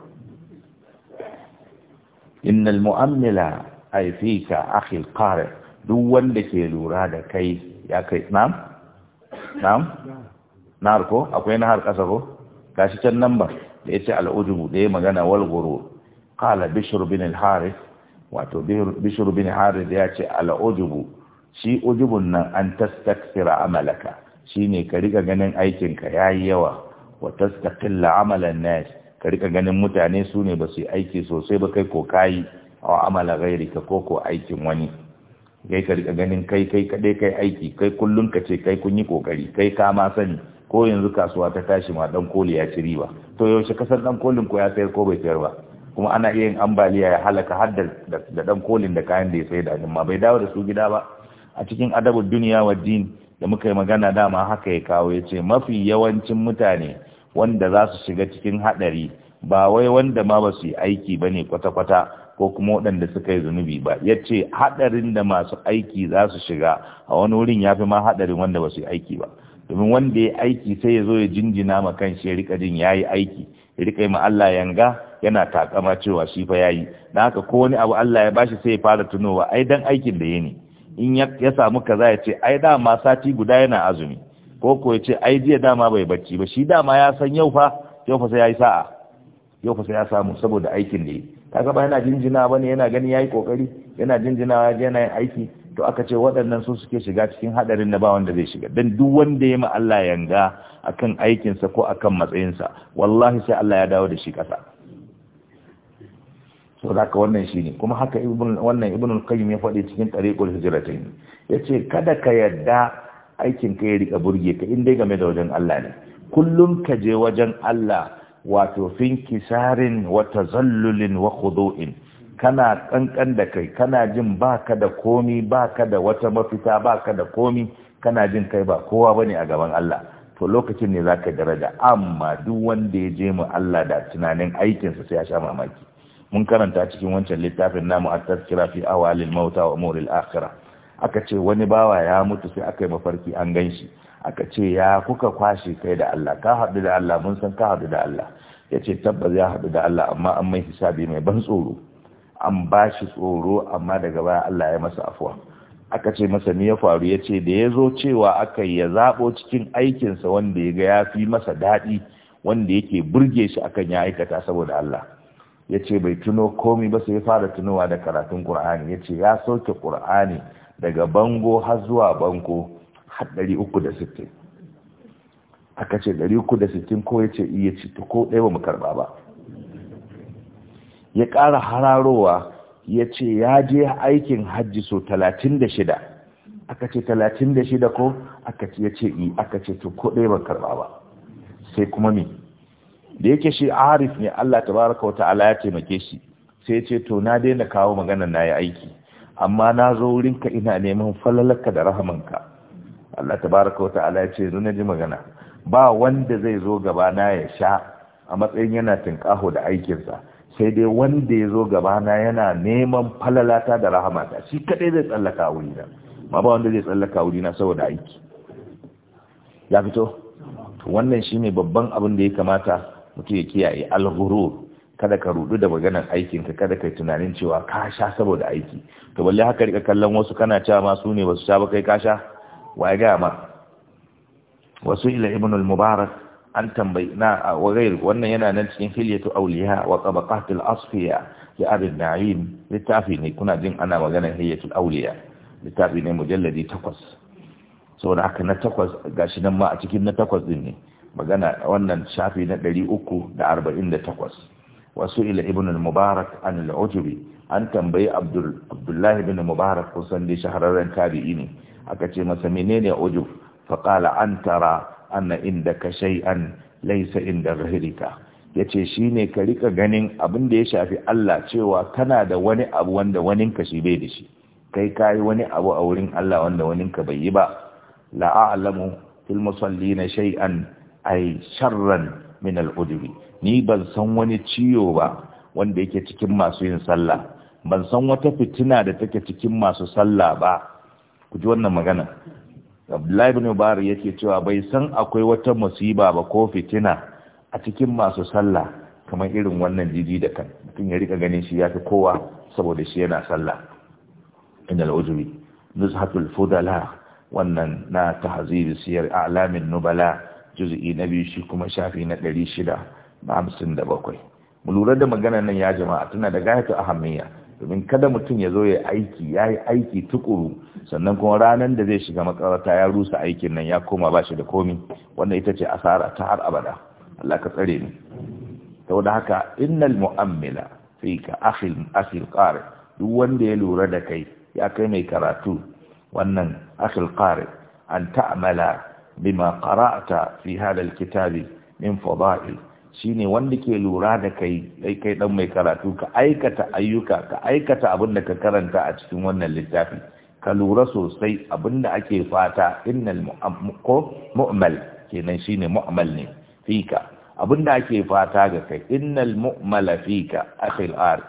innal mu'ammila ay fika akhi al duk wanda ke lura da kai ya kai na'am na'am ko akwai na har kasa ko gashi can nan ba da yace al da ya magana wal ghurur qala bishr bin al-harith wato bishr bin harith ya ce al'udubu, shi ujubun nan an tastaksira amalaka shine ka rika ganin aikin ka yayi yawa wa tastaqilla amalan nas ka rika ganin mutane su ne ba su aiki sosai ba kai ko kayi wa amala ka ko ko aikin wani kai ka rika ganin kai kai kaɗai kai aiki kai kullun ka ce kai kun yi kokari kai ka ma sani ko yanzu kasuwa ta tashi ma dan koli ya ci riba to yaushe kasar dan kolin ko ya sayar ko bai sayar ba kuma ana iya yin ambaliya ya halaka har da dan kolin da kayan da ya sayar da ma bai dawo da su gida ba a cikin adabul duniya wa din da muka yi magana dama haka ya kawo ya ce mafi yawancin mutane wanda za su shiga cikin haɗari ba wai wanda ma ba su yi aiki ba ne kwata-kwata ko kuma waɗanda suka yi zunubi ba ya ce haɗarin da masu aiki za su shiga a wani wurin ya fi ma haɗarin wanda ba su yi aiki ba domin wanda ya aiki sai ya zo ya jinjina ma kan shi ya rika jin ya yi aiki ya rika yi ma Allah yanga yana takama cewa shi fa ya yi don haka ko wani abu Allah ya bashi sai ya fara tunowa ai dan aikin da ya ne in ya samu kaza ya ce ai dama sati guda yana azumi ko ko ya ce ai jiya dama bai bacci ba shi dama ya san yau fa yau fa sai ya sa'a yau fa sai ya samu saboda aikin da yi kaga ba yana jinjina bane yana gani yayi kokari yana jinjina ya yana yin aiki to aka ce waɗannan su suke shiga cikin hadarin da ba wanda zai shiga dan duk wanda ya ma Allah yanga akan aikinsa ko akan matsayinsa wallahi sai Allah ya dawo da shi kasa to da ka wannan shi ne kuma haka wannan ibn al-qayyim ya faɗi cikin tariqul hijratain yace kada ka yadda aikin ka ya rika burge ka in dai game da wajen Allah ne kullum ka je wajen Allah wato fin kisarin wa tazallulin wa khudu'in kana kankan da kai kana jin baka da komi baka da wata mafita baka da komi kana jin kai ba kowa bane a gaban Allah to lokacin ne zaka daraja amma duk wanda ya je mu Allah da tunanin aikinsa sai ya sha mamaki mun karanta cikin wancan littafin namu at-tazkira fi awalil mauta wa umuril akhirah aka ce wani bawa ya mutu sai aka yi mafarki an ganshi aka ce ya kuka kwashe kai da Allah ka haɗu da Allah mun san ka haɗu da Allah ya ce tabbas ya haɗu da Allah amma an mai hisabi mai ban tsoro an bashi tsoro amma daga baya Allah ya masa afuwa aka ce masa ni ya faru ya ce da ya zo cewa aka ya zaɓo cikin aikinsa wanda ya ga ya fi masa daɗi wanda yake burge shi akan ya aikata saboda Allah ya ce bai tuno komi ba sai ya fara tunowa da karatun ƙur'ani ya ce ya sauke ƙur'ani daga bango har zuwa bango har 360 uku da sittin aka ce ɗari uku da sittin ko ya ce iya ci ko ɗaya ba mu karɓa ba ya ƙara hararowa ya ce ya je aikin hajji so talatin da shida aka ce talatin da shida ko aka ce ya ce iya aka ce to ko ɗaya ba karɓa ba sai kuma mai da yake shi arif ne Allah tabaraka wa ta'ala ya taimake shi sai ce to na daina kawo magana na yi aiki amma na zo wurinka ina neman falalarka da rahamanka Allah tabaraka wa ta'ala ya ce yanzu ji magana ba wanda zai zo gaba na ya sha a matsayin yana tinkaho da aikinsa sai dai wanda ya zo gaba na yana neman falalata da rahamata shi kadai zai tsallaka wurina ma ba wanda zai tsallaka wurina saboda aiki ya fito wannan shi ne babban abin da ya kamata mutum ya kiyaye alghurur kada ka rudu da maganar aikinka kada kai tunanin cewa ka sha saboda aiki to balle haka rika kallon wasu kana cewa ma su ne basu sha ba kai ka sha waye ga ma wasu ila ibn al-mubarak an tambayi na wa gair wannan yana nan cikin hilyatu awliya wa tabaqat al-asfiya ya abin na'im littafi ne kuna jin ana maganar hilyatu awliya littafi ne mujalladi takwas saboda haka na takwas gashi nan ma a cikin na takwas din ne magana wannan shafi na 348 wasu ila ibn al-mubarak an al-ujubi an tambayi abdullahi ibn mubarak kusan da shahararren tabi'i ne aka ce masa menene ujub fa qala an tara anna indaka shay'an laysa inda ghayrika yace shine ka rika ganin abin da ya shafi Allah cewa kana da wani abu wanda waninka shi bai da shi kai kai wani abu a wurin Allah wanda waninka bai yi ba la a'lamu fil musallina shay'an ai sharran min al'uduri ni ban san wani ciyo ba wanda yake cikin masu yin sallah ban san wata fitina da take cikin masu sallah ba ku ji wannan magana Abdullahi ibn Mubarak yake cewa bai san akwai wata musiba ba ko fitina a cikin masu sallah kamar irin wannan jiji da kan mutum ya rika ganin shi ya fi kowa saboda shi yana sallah inal ujuri nuzhatul fudala wannan na tahzir siyar a'lamin nubala juz'i na biyu shi kuma shafi na ɗari shida na hamsin da bakwai mu lura da maganar nan ya jama'a tana da gayatu a ahammiya domin kada mutum ya zo ya aiki ya yi aiki tukuru sannan kuma ranar da zai shiga makarata ya rusa aikin nan ya koma ba shi da komi wanda ita ce asara ta har abada Allah ka tsare ni saboda haka innal mu'ammila fi ka akhil akhil qari duk wanda ya lura da kai ya kai mai karatu wannan akhil qari an ta'mala bima qara'ta fi hada alkitabi min fada'il shine wanda ke lura da kai kai dan mai karatu ka aikata ayyuka ka aikata abin da ka karanta a cikin wannan littafi ka lura sosai abin da ake fata innal mu'mal kenan shine mu'mal ne fika abin da ake fata ga kai innal mu'mala fika akhil ar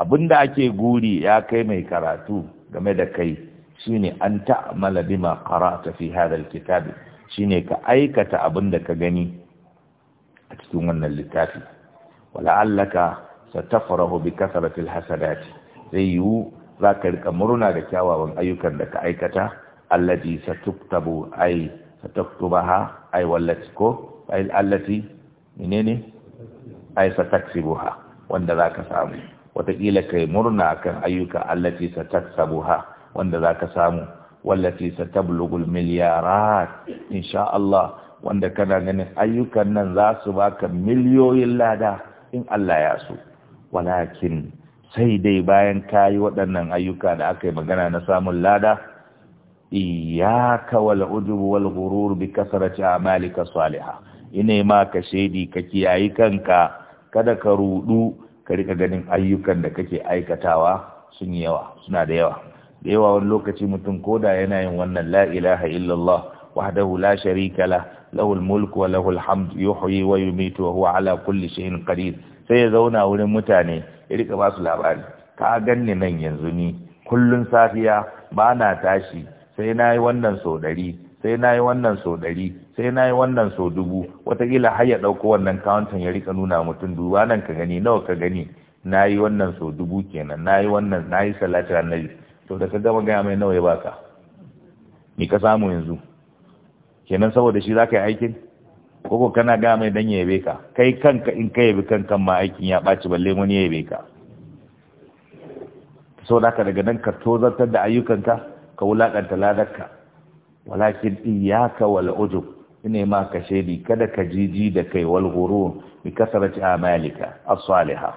abin da ake guri ya kai mai karatu game da kai shine an ta'mala bima qara'ta fi hadha alkitab shine ka aikata abin da ka gani a cikin wannan littafi wala'allaka satafarahu bi kasratil hasadati zai yiwu za ka rika murna da kyawawan ayyukan da ka aikata allati satuktabu ay satuktubaha ay wallati ko ay allati menene ay sataksibuha wanda za ka samu wataƙila kai murna kan ayyuka allati sataksabuha wanda za ka samu wallafi tablugul miliyarat insha Allah wanda kana ganin ayyukan nan za su baka miliyoyin lada in Allah ya so walakin sai dai bayan kayi waɗannan ayyuka da aka yi magana na samun lada iyaka wal ujubu wal ghurur bi kasrati amalika salihah ine ma ka shedi ka kiyayi kanka kada ka rudu ka rika ganin ayyukan da kake aikatawa sun yawa suna da yawa da yawa wani lokaci mutum koda yana yin wannan la ilaha illallah wahdahu la sharika la lahul mulku wa lahul hamd yuhyi wa yumitu wa huwa ala kulli shay'in qadir sai ya zauna wurin mutane ya rika ba su labari ka ganni nan yanzu ni kullun safiya ba na tashi sai nayi wannan so ɗari sai nayi wannan so ɗari sai nayi wannan so dubu wataƙila har ya ɗauko wannan kawuntan ya rika nuna mutum duba nan ka gani nawa ka gani nayi wannan so dubu kenan nayi wannan na yi annabi to da ka gama gaya mai nawa ya baka ni ka samu yanzu kenan saboda shi za ka yi aikin koko kana gaya mai dan ya yabe ka kai kanka in ka yabe kanka ma aikin ya ɓaci balle wani ya yabe ka so da ka daga nan ka tozartar da ayyukanka ka wulaƙanta ladarka walakin iyaka wal ujub ina ma ka shaidi kada ka jiji da kai wal ghuru bi kasrati amalika as-salihah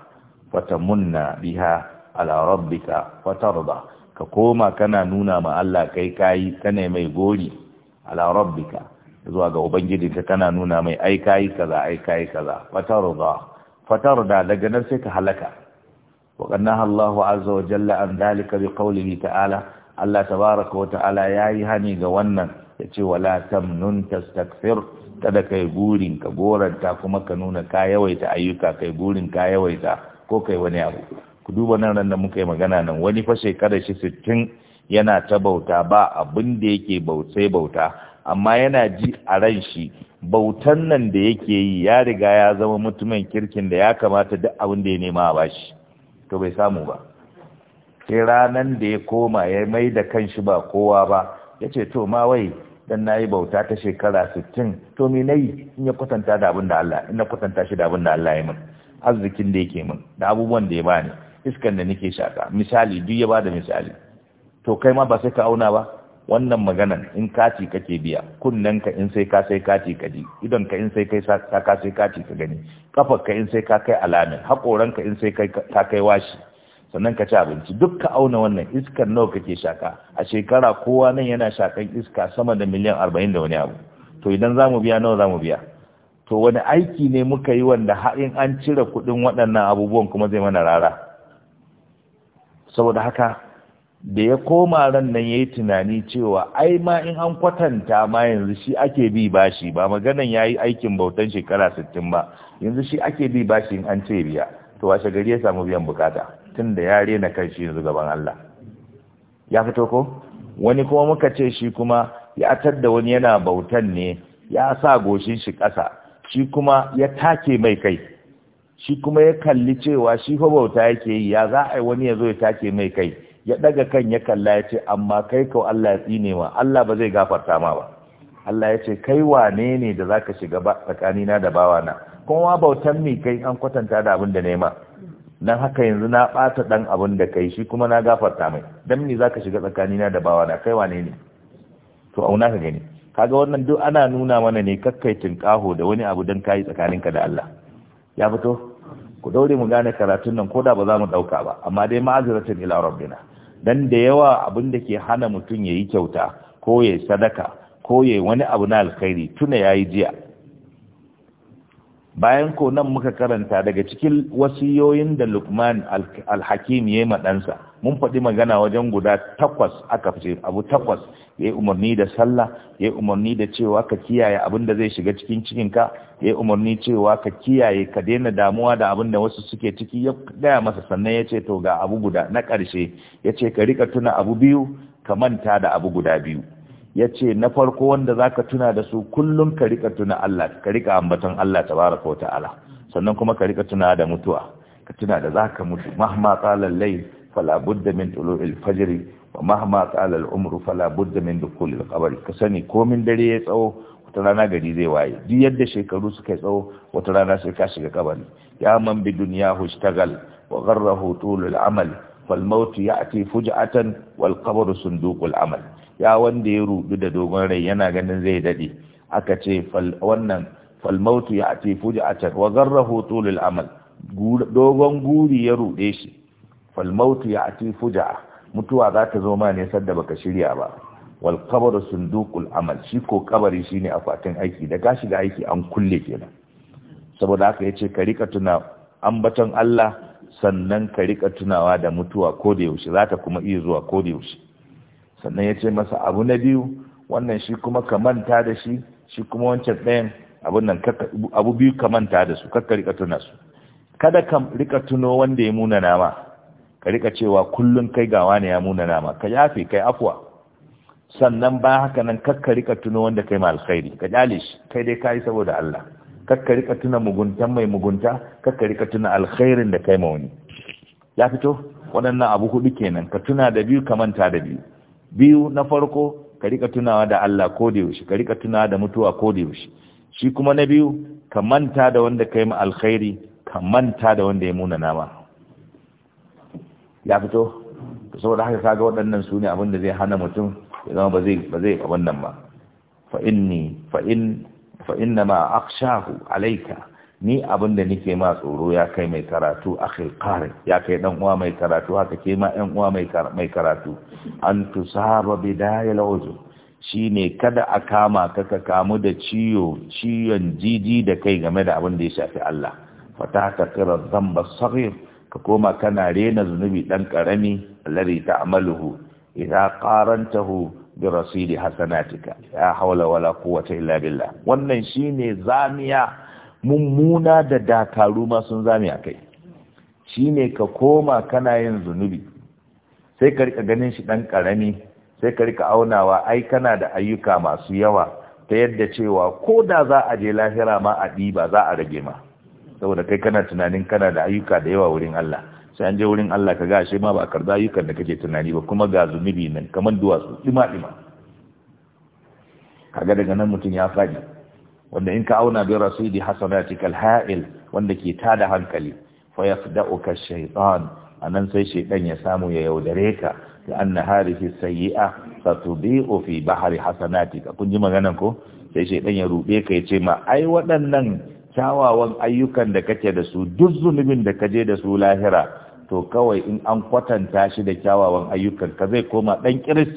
wa tamunna biha ala rabbika fatarda ka koma kana nuna ma Allah kai kayi kana mai gori ala rabbika zuwa ga ubangiji ka kana nuna mai ai kayi kaza ai kayi kaza fatarda fatarda daga nan sai ka halaka wa Allah Allahu azza wa jalla an dalika bi qawlihi ta'ala Allah tabaaraka wa ta'ala yayi hani ga wannan yace wala tamnun tastakfir kada kai burin ka goranta kuma ka nuna ka yawaita ayyuka kai burin ka yawaita ko kai wani abu ku duba nan nan da muka yi magana nan wani fa shekarar shi sittin yana ta bauta ba abin da yake bauta bauta amma yana ji a ran shi bautan nan da yake yi ya riga ya zama mutumin kirkin da ya kamata duk abin da ya nema a bashi to bai samu ba sai ranan da ya koma ya mai da kanshi ba kowa ba ya ce to ma wai dan na yi bauta ta shekara sittin to me na yi in ya kwatanta da abin da Allah in na kwatanta shi da abin da Allah ya min arzikin da yake min da abubuwan da ya bani iskan da nake shaka misali duk ya bada misali to kai ma ba sai ka auna ba wannan maganan in kati kake biya kunnen ka in sai ka sai kati ka ji idan ka in sai kai ka ka sai kati ka gani kafar ka in sai ka kai alamin hakoran ka in sai kai ka kai washi sannan ka ci abinci duk ka auna wannan iskan nawa kake shaka a shekara kowa nan yana shakan iska sama da miliyan arba'in da wani abu to idan zamu biya nawa zamu biya to wani aiki ne muka yi wanda har in an cire kuɗin waɗannan abubuwan kuma zai mana rara saboda haka da ya koma ran nan ya yi tunani cewa ai ma in an kwatanta ma yanzu shi ake bi bashi ba maganan ya yi aikin bautan shekara sittin ba yanzu shi ake bi bashi in an ce biya to washe gari ya samu biyan bukata tun da ya rena kan shi yanzu gaban Allah ya fito ko wani kuma muka ce shi kuma ya atar da wani yana bautan ne ya sa goshin shi ƙasa shi kuma ya take mai kai shi kuma ya kalli cewa shi fa bauta yake yi ya za a yi wani ya zo ya take mai kai ya daga kan ya kalla ya ce amma kai kawai Allah ya tsine ma Allah ba zai gafarta ma ba Allah ya ce kai wane ne da zaka shiga ba tsakanina da bawana kuma bautan mi kai an kwatanta da abin da nema dan haka yanzu na bata dan abin da kai shi kuma na gafarta mai dan za zaka shiga tsakanina da bawana kai wane ne to auna ka gani kaga wannan duk ana nuna mana ne kakkaitin kaho da wani abu dan kai tsakaninka da Allah ya fito ku daure mu gane karatun nan koda ba za mu dauka ba amma dai ma'aziratin ila rabbina dan da yawa abin da ke hana mutum yayi kyauta ko yayi sadaka ko yayi wani abu na alkhairi tuna yayi jiya bayan ko nan muka karanta daga cikin wasiyoyin da lukman alhakim ya yi maɗansa mun faɗi magana wajen guda takwas aka ce abu takwas ya yi umarni da sallah ya yi umarni da cewa ka kiyaye abin da zai shiga cikin cikinka ya yi umarni cewa ka kiyaye ka daina damuwa da abin da wasu suke ciki ya gaya masa sannan ya ce to ga abu guda na ƙarshe ya ce ka rika tuna abu biyu ka manta da abu guda biyu ya ce na farko wanda za ka tuna da su kullum ka rika tuna Allah ka rika ambaton Allah tabaraka wa ta'ala sannan kuma ka rika tuna da mutuwa ka tuna da za ka mutu mahma qalal layl fala budda min tulu'il fajr wa mahma qalal umru fala budda min dukhulil qabr ka sani komin dare ya tsawo wata rana gari zai waye duk yadda shekaru suka tsawo wata rana sai ka shiga kabari ya man bi dunyahu ishtagal wa gharrahu tulul amal fal maut ya'ti fuj'atan wal qabr sunduqul amal ya wanda ya rudu da dogon rai yana ganin zai dade aka ce wannan falmautu ya ati can. wa garrahu tulul amal dogon guri ya rude shi falmautu ya ati fuja mutuwa za ta zo ma ne sadda baka shirya ba wal qabru sunduqul amal shi ko kabari shine akwatin aiki da gashi da aiki an kulle kenan saboda haka ya ce ka rika tuna ambaton Allah sannan ka rika tunawa da mutuwa ko da yaushe za ta kuma iya zuwa ko da yaushe sannan ya ce masa abu na biyu wannan shi kuma ka manta da shi shi kuma wancan ɗayan abu biyu ka manta da su kakka rika tuna su kada ka rika tuno wanda ya muna nama ka rika cewa kullum kai gawa ne ya muna nama ka yafe kai afuwa. sannan ba haka nan kakka rika tuno wanda kai ma alkhairi ka jale shi kai dai kai saboda Allah kakka rika tuna muguntan mai mugunta kakka rika tuna alkhairin da kai ma wani ya fito waɗannan abu hudu kenan ka tuna da biyu ka manta da biyu biyu na farko ka rika tunawa da Allah ko da yaushe ka rika tunawa da mutuwa ko da yaushe shi kuma na biyu ka manta da wanda kai ma alkhairi ka manta da wanda ya muna nama ya fito saboda haka kaga waɗannan su ne abin da zai hana mutum ya zama ba zai ba zai wannan ba fa inni fa in fa inna ma akhshahu alayka ni abin da nake ma tsoro ya kai mai karatu akhil qari ya kai dan uwa mai karatu haka ke ma ɗan uwa mai karatu an tusaba bidayal uzur shine kada a kama ka ka kamu da ciyo ciyon jiji da kai game da abin da ya shafi Allah fata ka kira zamba saghir ka koma kana rena zunubi dan karami alladhi ta'maluhu idza qarantahu bi rasidi hasanatika ya hawla wala quwwata illa billah wannan shine zamiya mummuna da dakaru ma sun zamiya kai shine ka koma kana yin zunubi sai ka rika ganin shi ɗan karami sai ka rika aunawa ai kana da ayyuka masu yawa ta yadda cewa ko da za a je lahira ma a ɗiba za a rage ma saboda kai kana tunanin kana da ayyuka da yawa wurin Allah sai an je wurin Allah ka ga shi ma ba a karɓi ayyukan da kake tunani ba kuma ga zunubi nan kamar duwatsu ɗima ɗima kaga daga nan mutum ya faɗi wanda in ka auna bi rasidi hasanatikal ha'il wanda ke tada hankali fa yasda'uka shaytan a nan sai shaidan ya samu ya yaudare ka da an harihi sayi'a fa tubi'u fi bahari ka kun ji maganan ko sai shaidan ya rube ka ya ce ma ai waɗannan kyawawan ayyukan da kake da su duk zunubin da kaje da su lahira to kawai in an kwatanta shi da kyawawan ayyukan ka zai koma ɗan kiris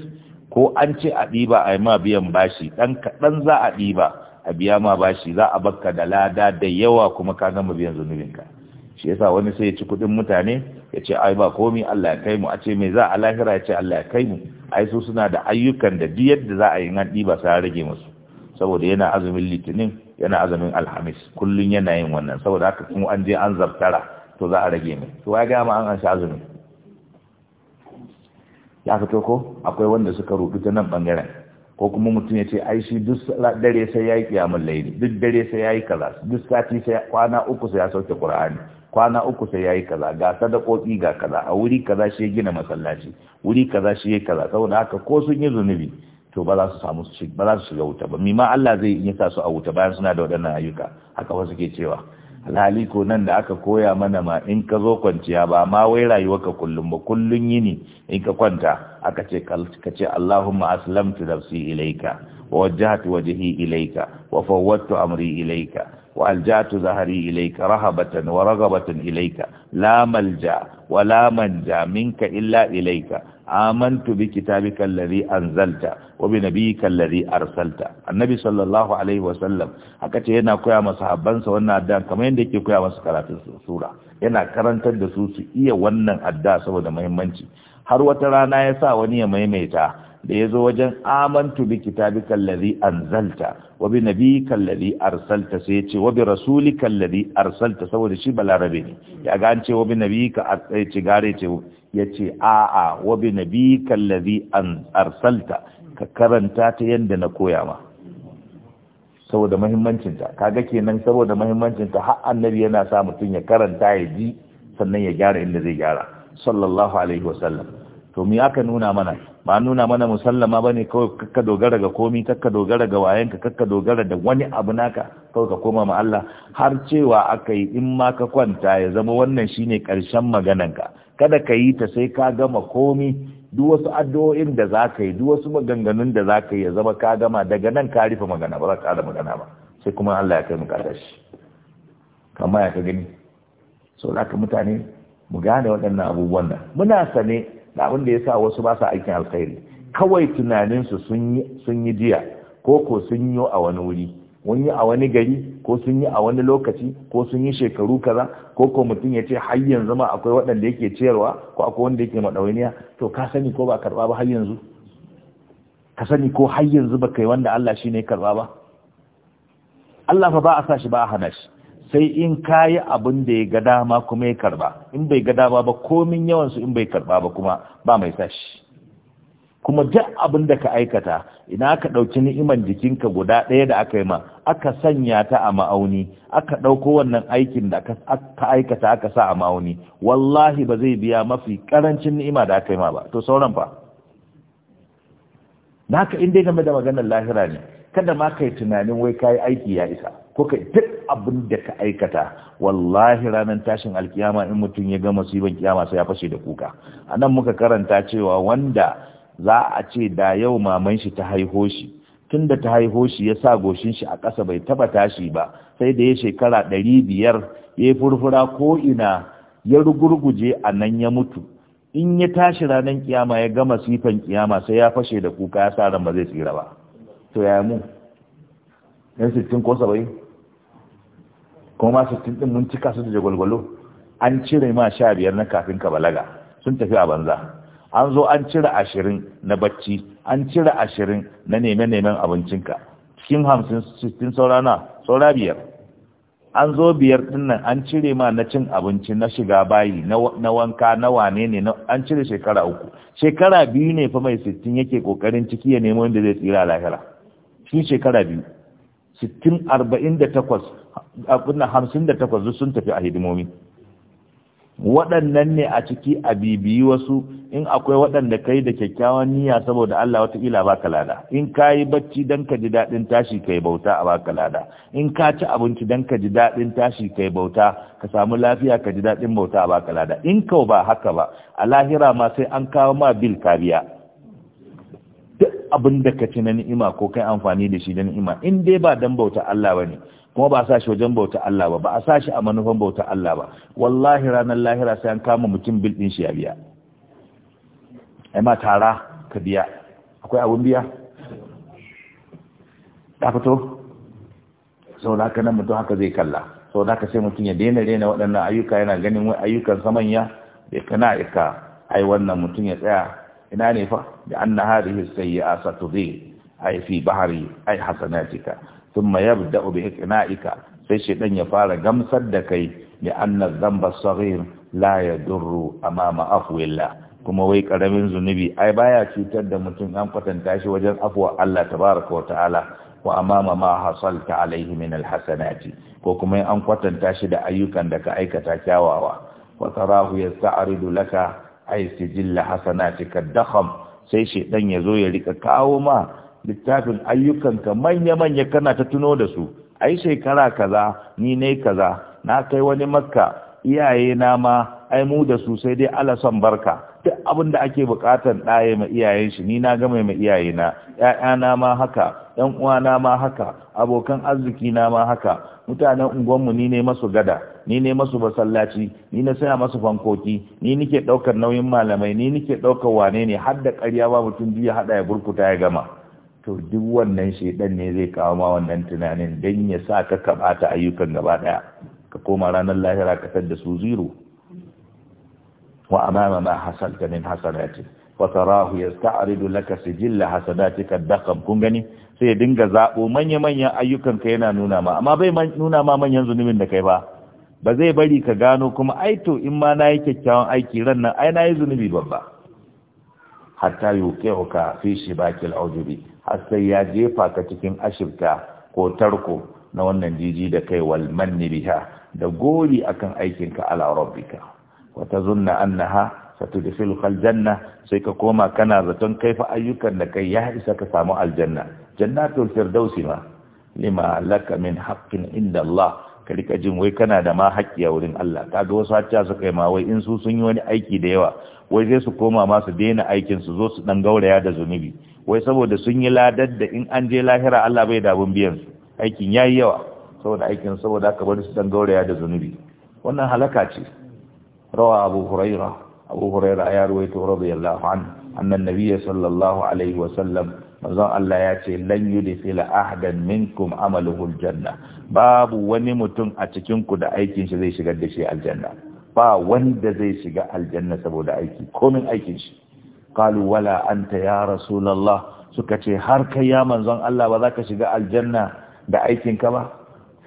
ko an ce a ɗiba a ma biyan bashi ɗan kaɗan za a ɗiba a biya ma bashi za a bakka da lada da yawa kuma ka gama biyan zunubinka shi yasa wani sai ya ci kuɗin mutane ya ce ai ba komi Allah ya kai mu a ce me za a lahira ya ce Allah ya kai mu ai su suna da ayyukan da duk yadda za a yi nan ba sai rage musu saboda yana azumin litinin yana azumin alhamis kullun yana yin wannan saboda haka kuma an je an zartara to za a rage mai to ya ga ma an an sha azumin ya ka to ko akwai wanda suka rubu ta nan bangaren ko kuma mutum ya ce ai shi duk dare sai yayi kiyamul laili duk dare sai yayi kaza duk sati sai kwana uku sai ya sauke qur'ani kwana uku sai yayi kaza ga sadakoki ga kaza a wuri kaza shi ya gina masallaci wuri kaza shi ya kaza saboda haka ko sun yi zunubi to ba za su samu ba za su shiga wuta ba mima Allah zai yi sa su a wuta bayan suna da waɗannan ayyuka haka wasu ke cewa alhali ko nan da aka koya mana ma in ka zo kwanciya ba ma wai ka kullum ba kullum yini in ka kwanta aka ce ka ce Allahumma aslamtu nafsi ilaika ووجهت وجهي إليك وفوضت أمري إليك وألجأت ظهري إليك رهبة ورغبة إليك لا ملجأ ولا منجا منك إلا إليك آمنت بكتابك الذي أنزلت وبنبيك الذي أرسلت النبي صلى الله عليه وسلم akace yana koya masa habbansa wannan addu'a kamar yadda yake koya masa karatun sura yana karantar da su su iya wannan addu'a saboda muhimmanci har wata rana ya sa wani ya maimaita da ya zo wajen amantu bi kitabi allazi anzalta wa bi nabi allazi arsalta sai ya ce wa bi rasuli allazi arsalta saboda shi balarabe ne ya gance ce wa bi ka sai ce gare ce ya ce a'a wa bi nabiyyika allazi arsalta ka karanta ta yanda na koya ma saboda mahimmancinta kaga kenan saboda mahimmancinta har annabi yana sa mutum ya karanta ya ji sannan ya gyara inda zai gyara sallallahu alaihi wasallam to mi aka nuna mana ba nuna mana musallama bane kawai kakka dogara ga komi kakka dogara ga wayanka kakka dogara da wani abu naka kawai ka koma ma Allah har cewa aka yi in ma ka kwanta ya zama wannan shine karshen magananka kada ka yi ta sai ka gama komi duk wasu addu'o'in da za yi duk wasu maganganun da za yi ya zama ka gama daga nan ka rufe magana ba za ka magana ba sai kuma Allah ya kai mu shi kamar ya ka gani so da mutane mu gane waɗannan abubuwan nan muna sane da abin da ya sa wasu ba sa aikin alkhairi kawai tunaninsu sun yi jiya ko ko sun yi a wani wuri wani yi a wani gari ko sun yi a wani lokaci ko sun yi shekaru kaza ko ko mutum ya ce har yanzu ma akwai waɗanda yake ciyarwa ko akwai wanda yake maɗawainiya to ka sani ko ba karɓa ba har yanzu ka sani ko har yanzu ba kai wanda Allah shi ne karɓa ba Allah fa ba a sa shi ba a hana shi sai in ka yi abin da ya ga dama kuma ya karba in bai ga dama ba komin yawansu in bai karba ba kuma ba mai sashi kuma duk abin da ka aikata ina aka ɗauki ni'iman jikinka guda ɗaya da aka yi ma aka sanya ta a ma'auni aka ɗauko wannan aikin da aka aikata aka sa a ma'auni wallahi ba zai biya mafi ƙarancin ni'ima da aka yi ma ba to sauran fa naka in dai game da maganar lahira ne kada ma kai tunanin wai kayi aiki ya isa ko kai duk abin da ka aikata wallahi ranar tashin alkiyama in mutum ya ga musiban kiyama sai ya fashe da kuka anan muka karanta cewa wanda za a ce da yau maman shi ta haiho shi tun ta haiho shi ya sa goshin shi a ƙasa bai taba tashi ba sai da ya shekara ɗari biyar ya furfura ko ina ya rugurguje a nan ya mutu in ya tashi ranar kiyama ya ga sifan kiyama sai ya fashe da kuka ya sa ran ba zai tsira ba to ya mu yan sittin ko saba'in kuma sittin din mun cika su da jagwalgwalo an cire ma sha biyar na kafin ka balaga sun tafi a banza an zo an cire ashirin na bacci an cire ashirin na neme-nemen abincinka cikin hamsin sittin saura na saura biyar an zo biyar din nan an cire ma na cin abinci na shiga bayi na wanka na wane ne an cire shekara uku shekara biyu ne fa mai sittin yake kokarin ciki ya nemo inda zai tsira lahira shi shekara biyu sittin arba'in da takwas abin hamsin da takwas sun tafi a hidimomi waɗannan ne a ciki a bibiyi wasu in akwai waɗanda kai da kyakkyawan niyya saboda Allah wataƙila ba ka lada in ka yi bacci don ka ji daɗin tashi kai bauta a ba ka lada in ka ci abinci don ka ji daɗin tashi kai bauta ka samu lafiya ka ji daɗin bauta a ba ka lada in kau ba haka ba a lahira ma sai an kawo ma bil kariya duk abin da ka ci na ni'ima ko kai amfani da shi da ni'ima in dai ba don bauta Allah ba ne kuma ba a sashi wajen bauta Allah ba ba a sashi a manufan bauta Allah ba wallahi ranar lahira sai an kama mutum bil shi ya biya ai ma tara ka biya akwai abun biya ta fito sau da haka nan mutum haka zai kalla sau da haka sai mutum ya daina daina waɗannan ayyuka yana ganin wai ayyukan samanya bai kana ika ai wannan mutum ya tsaya ina ne fa da sai ya asa satudhi ai fi bahari ai hasanatika thumma yabda'u bi iqna'ika sai shedan ya fara gamsar da kai bi anna dhanba saghir la yadurru amama afwillah kuma wai karamin zunubi ai baya cutar da mutum an kwatanta shi wajen afwa Allah tabaraka wa ta'ala wa amama ma hasalta alaihi min alhasanati ko kuma an kwatanta shi da ayyukan da ka aikata kyawawa wa tarahu yasta'ridu laka ay sijilla hasanatika dakham sai shedan zo ya rika kawo ma littafin ayyukanka manya-manya kana ta tuno da su ai shekara kaza ni ne kaza na kai wani makka iyaye na ma ai mu da su sai dai ala son barka duk abin da ake bukatan ɗaya ma iyayen shi ni na gama ma iyaye na na ma haka ƴan na ma haka abokan arziki na ma haka mutanen unguwanmu ni ne masu gada ni ne masu masallaci ni na saya masu fankoki ni nike ɗaukar nauyin malamai ni nike ɗaukar wane ne har da ƙarya ba mutum biyu haɗa ya burkuta ya gama to duk wannan shaidan ne zai kawo ma wannan tunanin don ya sa ka kabata ayyukan gaba daya ka koma ranar lahira ka da su zero wa amama ma hasalta min hasanati wa tarahu yasta'ridu laka sijil hasanatika daqam kun gani sai dinga zabo manya manyan ayyukan ka yana nuna ma amma bai nuna ma manyan zunubin da kai ba ba zai bari ka gano kuma aito in ma nayi kyakkyawan aiki ran nan ai nayi zunubi babba hatta yuqi'uka fi shibakil aujubi har sai ya jefa ka cikin ashirka ko tarko na wannan jiji da kai wal manni biha da gori akan aikinka ala rabbika wa tazunna annaha satudkhiluka janna. sai ka koma kana zaton kaifa ayyukan da kai ya isa ka samu aljanna jannatul firdausi ma lima laka min haqqin inda Allah ka rika jin wai kana da ma haƙƙi a wurin Allah kaga wasu hacca su kai ma wai in su sun yi wani aiki da yawa wai zai su koma masu daina aikin su zo su dan gauraya da zunubi wai saboda sun yi ladar da in an je lahira Allah bai da abun biyan su aikin yayi yawa saboda aikin saboda aka bar su dan gauraya da zunubi wannan halaka ce rawa abu Hurairah abu Hurairah ya ruwaito radiyallahu anhu annan nabiyyi sallallahu alaihi wa sallam manzon Allah ya ce lan yudkhila ahadan minkum amaluhu aljanna babu wani mutum a cikin ku da aikin shi zai shigar da shi aljanna ba wanda zai shiga aljanna saboda aiki komin aikin shi qalu wala anta ya rasulullah suka ce har kai ya manzon Allah ba za ka shiga aljanna da aikin ka ba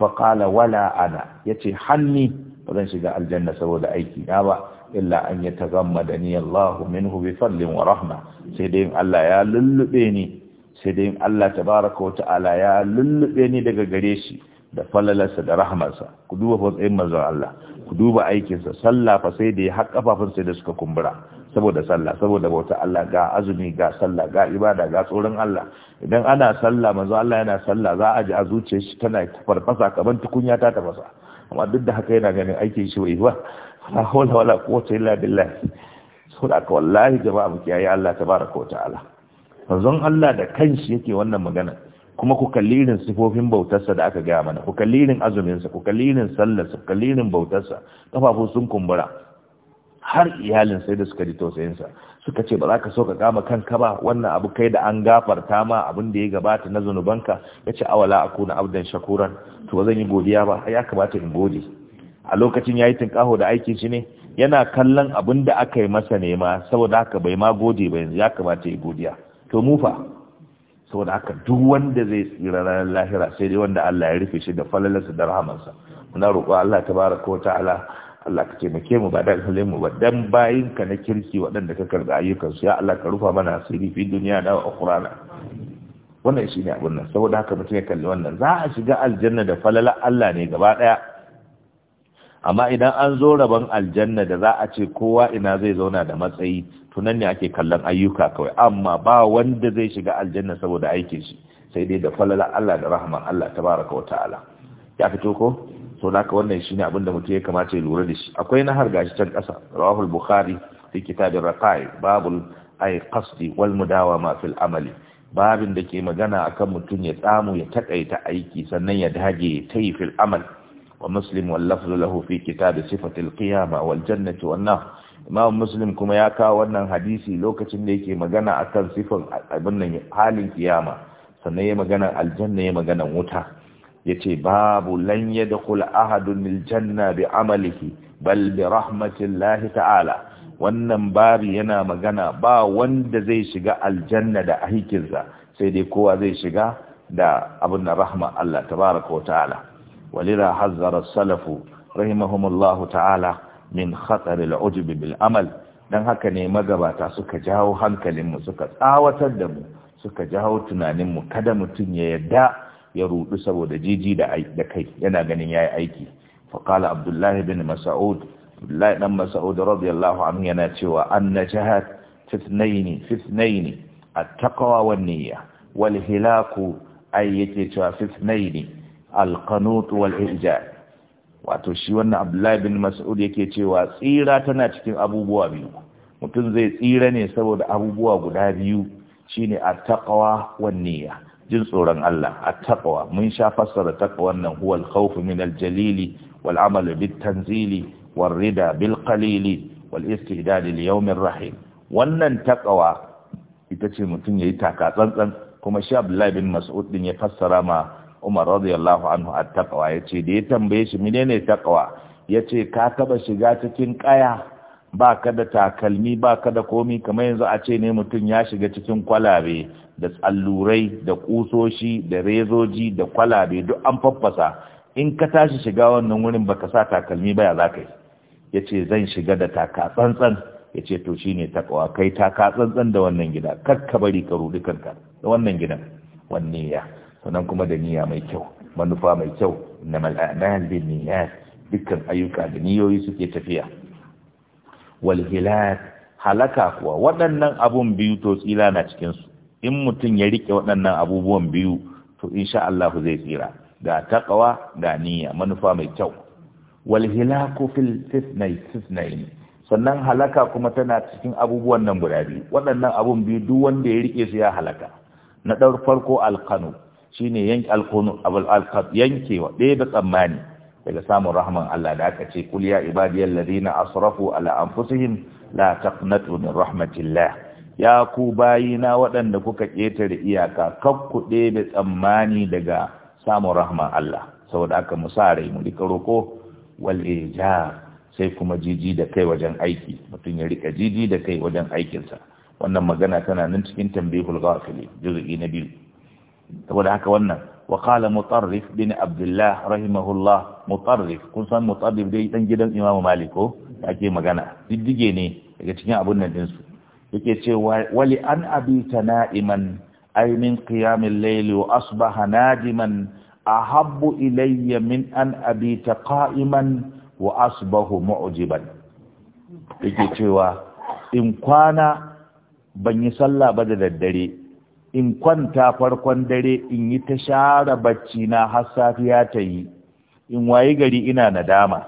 fa qala wala ana yace hanni ba zan shiga aljanna saboda aiki na ba illa an yataghammadani Allah minhu bi fadlin wa rahma sai dai Allah ya lullube ni sai dai Allah tabaraka wa ta'ala ya lullube ni daga gare shi da falalarsa da rahamarsa ku duba fatsayin manzon Allah ku duba aikinsa sallah fa sai da ya haƙa kafafun sai da suka kumbura saboda sallah saboda bauta Allah ga azumi ga sallah ga ibada ga tsoron Allah idan ana sallah manzon Allah yana sallah za a ji a zuciyar shi tana farfasa kaman tukunya ta tafasa amma duk da haka yana ganin aikin shi wai ba la hawla wala quwwata illa billah saboda wallahi jama'a mu kiyaye Allah tabaraka wa ta'ala manzon Allah da kanshi yake wannan magana kuma ku kalli irin sifofin bautarsa da aka gaya mana ku kalli irin azuminsa ku kalli irin sallarsa ku kalli irin bautarsa kafafu sun kumbura har iyalin sai da suka ji tausayin sa. suka ce ba za ka so ka kama kanka ba wannan abu kai da an gafarta ma abin da ya gabata na ka, ya ce awala a kuna abdan shakuran to ba zan yi godiya ba ya kamata in gode a lokacin ya yi tunkaho da aikin shi ne yana kallon abin da aka yi masa nema saboda haka bai ma gode ba yanzu ya kamata ya godiya to mu fa saboda haka duk wanda zai tsira ranar lahira sai dai wanda Allah ya rufe shi da falalarsa da rahamansa muna roƙo Allah tabaraka ta'ala. Allah ka taimake mu ba da halin mu ba dan bayin ka na kirki waɗanda ka karɓi ayyukan su ya Allah ka rufa mana asiri fi duniya da akhirana wannan shi ne abin nan saboda haka mutum ya kalli wannan za a shiga aljanna da falalar Allah ne gaba daya amma idan an zo rabon aljanna da za a ce kowa ina zai zauna da matsayi tunan ne ake kallon ayyuka kawai amma ba wanda zai shiga aljanna saboda aikin shi sai dai da falala Allah da rahman Allah tabaraka wa ta'ala ya fito ko so naka wannan shine abin da mutum ya kamata ya lura da shi akwai na har gashi can kasa rawahul bukhari fi kitabir raqai babul ay qasdi wal mudawama fil amali babin da ke magana akan mutum ya tsamu ya takaita aiki sannan ya dage ta fil amal wa muslim wal lahu fi kitab sifatil qiyama wal jannati wan nar imam muslim kuma ya kawo wannan hadisi lokacin da yake magana akan sifan abin nan halin kiyama sannan ya magana aljanna ya magana wuta yace babu lan yadkhul ahadun aljanna bi amalihi bal bi rahmatillahi ta'ala wannan bari yana magana ba wanda zai shiga aljanna da aikinsa sai dai kowa zai shiga da abin da rahma Allah tabaraka wa ta'ala walira hazzara salafu rahimahumullahu ta'ala min khatar ujubi bil amal dan haka ne magabata suka jawo hankalinmu suka tsawatar da mu suka jawo tunaninmu kada mutum ya yarda ya rudu saboda jiji da kai yana ganin yayi aiki faqala abdullahi bin mas'ud abdullahi dan mas'ud radiyallahu anhu yana cewa annajahat fitnaini fitnaini at-taqwa niyya wal hilaku ay yake cewa fitnaini al-qanut wal ijaz wato shi wannan abdullahi bin mas'ud yake cewa tsira tana cikin abubuwa biyu mutum zai tsira ne saboda abubuwa guda biyu shine at-taqwa wan niyya jin tsoron Allah at-taqwa mun sha fassara taqwa wannan huwa al-khawf min al-jalili wal amal bit tanzil wal rida bil qalil wal istihdad lil yawm ar-rahim wannan taqwa ita ce mutum yayi taka tsantsan kuma shi Abdullahi bin Mas'ud din ya fassara ma Umar radiyallahu anhu at-taqwa yace da ya tambaye shi menene taqwa yace ka taba shiga cikin kaya baka da takalmi baka da komi kamar yanzu a ce ne mutum ya shiga cikin kwalabe da tsallurai da ƙusoshi, da rezoji da kwalabe duk an faffasa in ka tashi shiga wannan wurin baka sa takalmi ba ya ka yi yace zan shiga da taka tsantsan yace to shine taqwa kai taka tsantsan da wannan gida kakka bari ka rudi kanka da wannan gidan wannan ya sannan kuma da niyya mai kyau manufa mai kyau na mal'amal bin niyyat dukkan ayyuka da niyoyi suke tafiya walhilat halaka kuwa waɗannan abun biyu to tsira na cikinsu. in mutum ya rike waɗannan abubuwan biyu to insha Allah zai tsira ga taqwa ga niyya manufa mai kyau walhilaku fil fitnai fitnaini sannan halaka kuma tana cikin abubuwan nan guda biyu waɗannan abun biyu duk wanda ya riƙe su ya halaka na ɗaur farko alkanu shine yanke alkunu abul alqab yankewa ɗaya da tsammani daga samun rahman Allah da aka ce kul ibadiyar ladina asrafu ala anfusihim la taqnatu min rahmatillah ya ku bayina waɗanda kuka ƙetare iyaka ku da tsammani daga samun rahman Allah saboda aka musare mu rika roko wal ijar sai kuma jiji da kai wajen aiki mutum ya rika jiji da kai wajen aikinsa wannan magana tana nan cikin tambihul ghafili juz'i na biyu saboda haka wannan wa kala mutarrif bin abdullah rahimahullah mutarrif kun san mutarrif dai dan gidan imam malik ko ake magana diddige ne daga cikin abun nan din su yake cewa wali an abita na'iman ay min al layli wa asbaha najiman ahabbu ilayya min an abita qa'iman wa asbahu mu'jiban yake cewa in kwana ban yi sallah ba da daddare in kwanta farkon dare in yi ta share bacci na har safiya ta yi in wayi gari ina nadama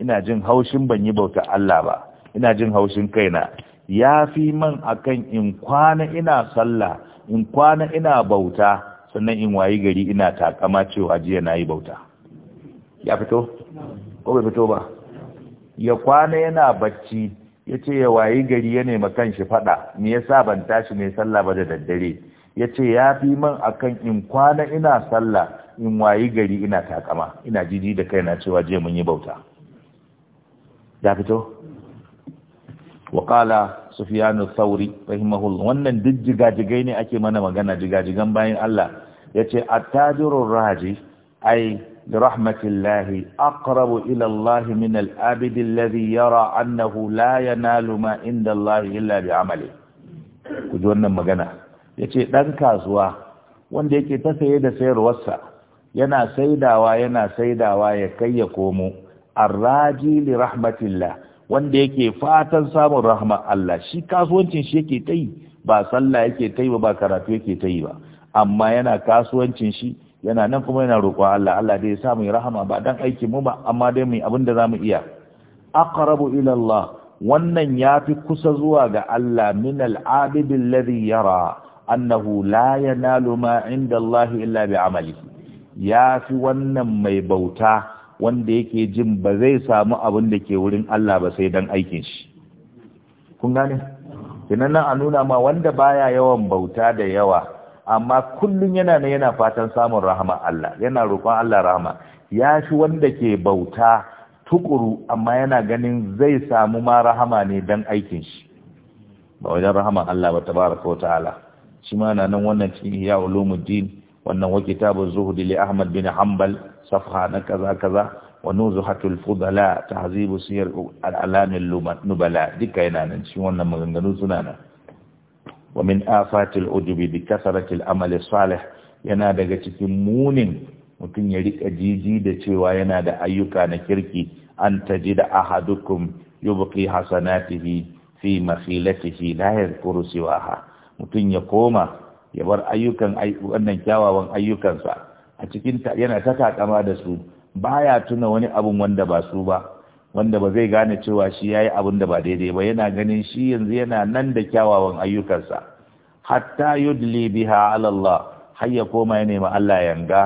ina jin haushin ban yi bauta Allah ba ina jin haushin kaina ya fi man akan in kwana ina sallah in kwana ina bauta sannan in wayi gari ina takama cewa jiya na yi bauta ya fito ko bai fito ba ya kwana yana bacci yace ya wayi gari ya nema kan shi fada me yasa ban tashi ne sallah ba da daddare ya ce ya fi man akan in kwana ina sallah in wayi gari ina takama ina jiji da na cewa je mun yi bauta ya fito waƙala sufiyanu sauri fahimahul wannan duk jigajigai ne ake mana magana jigajigan bayan Allah ya ce attajirun raji ai rahmatillahi aqrabu ila Allah min al-abid yara annahu la yanalu ma inda Allah illa bi amali ku ji wannan magana ya ce ɗan kasuwa wanda yake ta saye da sayarwarsa yana saidawa yana saidawa ya kai ya komo arraji li rahmatillah wanda yake fatan samun rahma Allah shi kasuwancin shi yake ta yi ba sallah yake ta yi ba karatu yake ta yi ba amma yana kasuwancin shi yana nan kuma yana roƙon Allah Allah dai ya sa mu rahama ba dan aikin mu ba amma dai mu abin da zamu iya aqrabu ila Allah wannan yafi kusa zuwa ga Allah min al-abid alladhi yara annahu la yanalu ma inda Allah illa bi amali ya fi wannan mai bauta wanda yake jin ba zai samu abin da ke wurin Allah ba sai dan aikin shi kun gane kinan a nuna ma wanda baya yawan bauta da yawa amma kullun yana ne yana fatan samun rahama Allah yana roƙon Allah rahama ya fi wanda ke bauta tukuru amma yana ganin zai samu ma rahama ne dan aikin shi ba wajen rahama Allah ba tabaraka wa ta'ala shi ma na nan wannan cikin ihya ulumuddin wannan wa kitabu zuhdi li ahmad bin hanbal safha na kaza kaza wa nuzhatul fudala tahzibu siyar al-alam nubala duka yana nan shi wannan maganganu suna nan wa min afatil ujubi bi kasratil amali salih yana daga cikin munin mutum ya rika jiji da cewa yana da ayyuka na kirki an tajida ahadukum yubqi hasanatihi fi makhilatihi la yadhkuru siwaha mutum ya koma ya bar ayyukan wannan kyawawan ayyukansa a cikin yana ta takama da su baya tuna wani abun wanda ba su ba wanda ba zai gane cewa shi yayi abun da ba daidai ba yana ganin shi yanzu yana nan da kyawawan ayyukansa hatta yudli biha ala Allah har ya koma ya nemi Allah yanga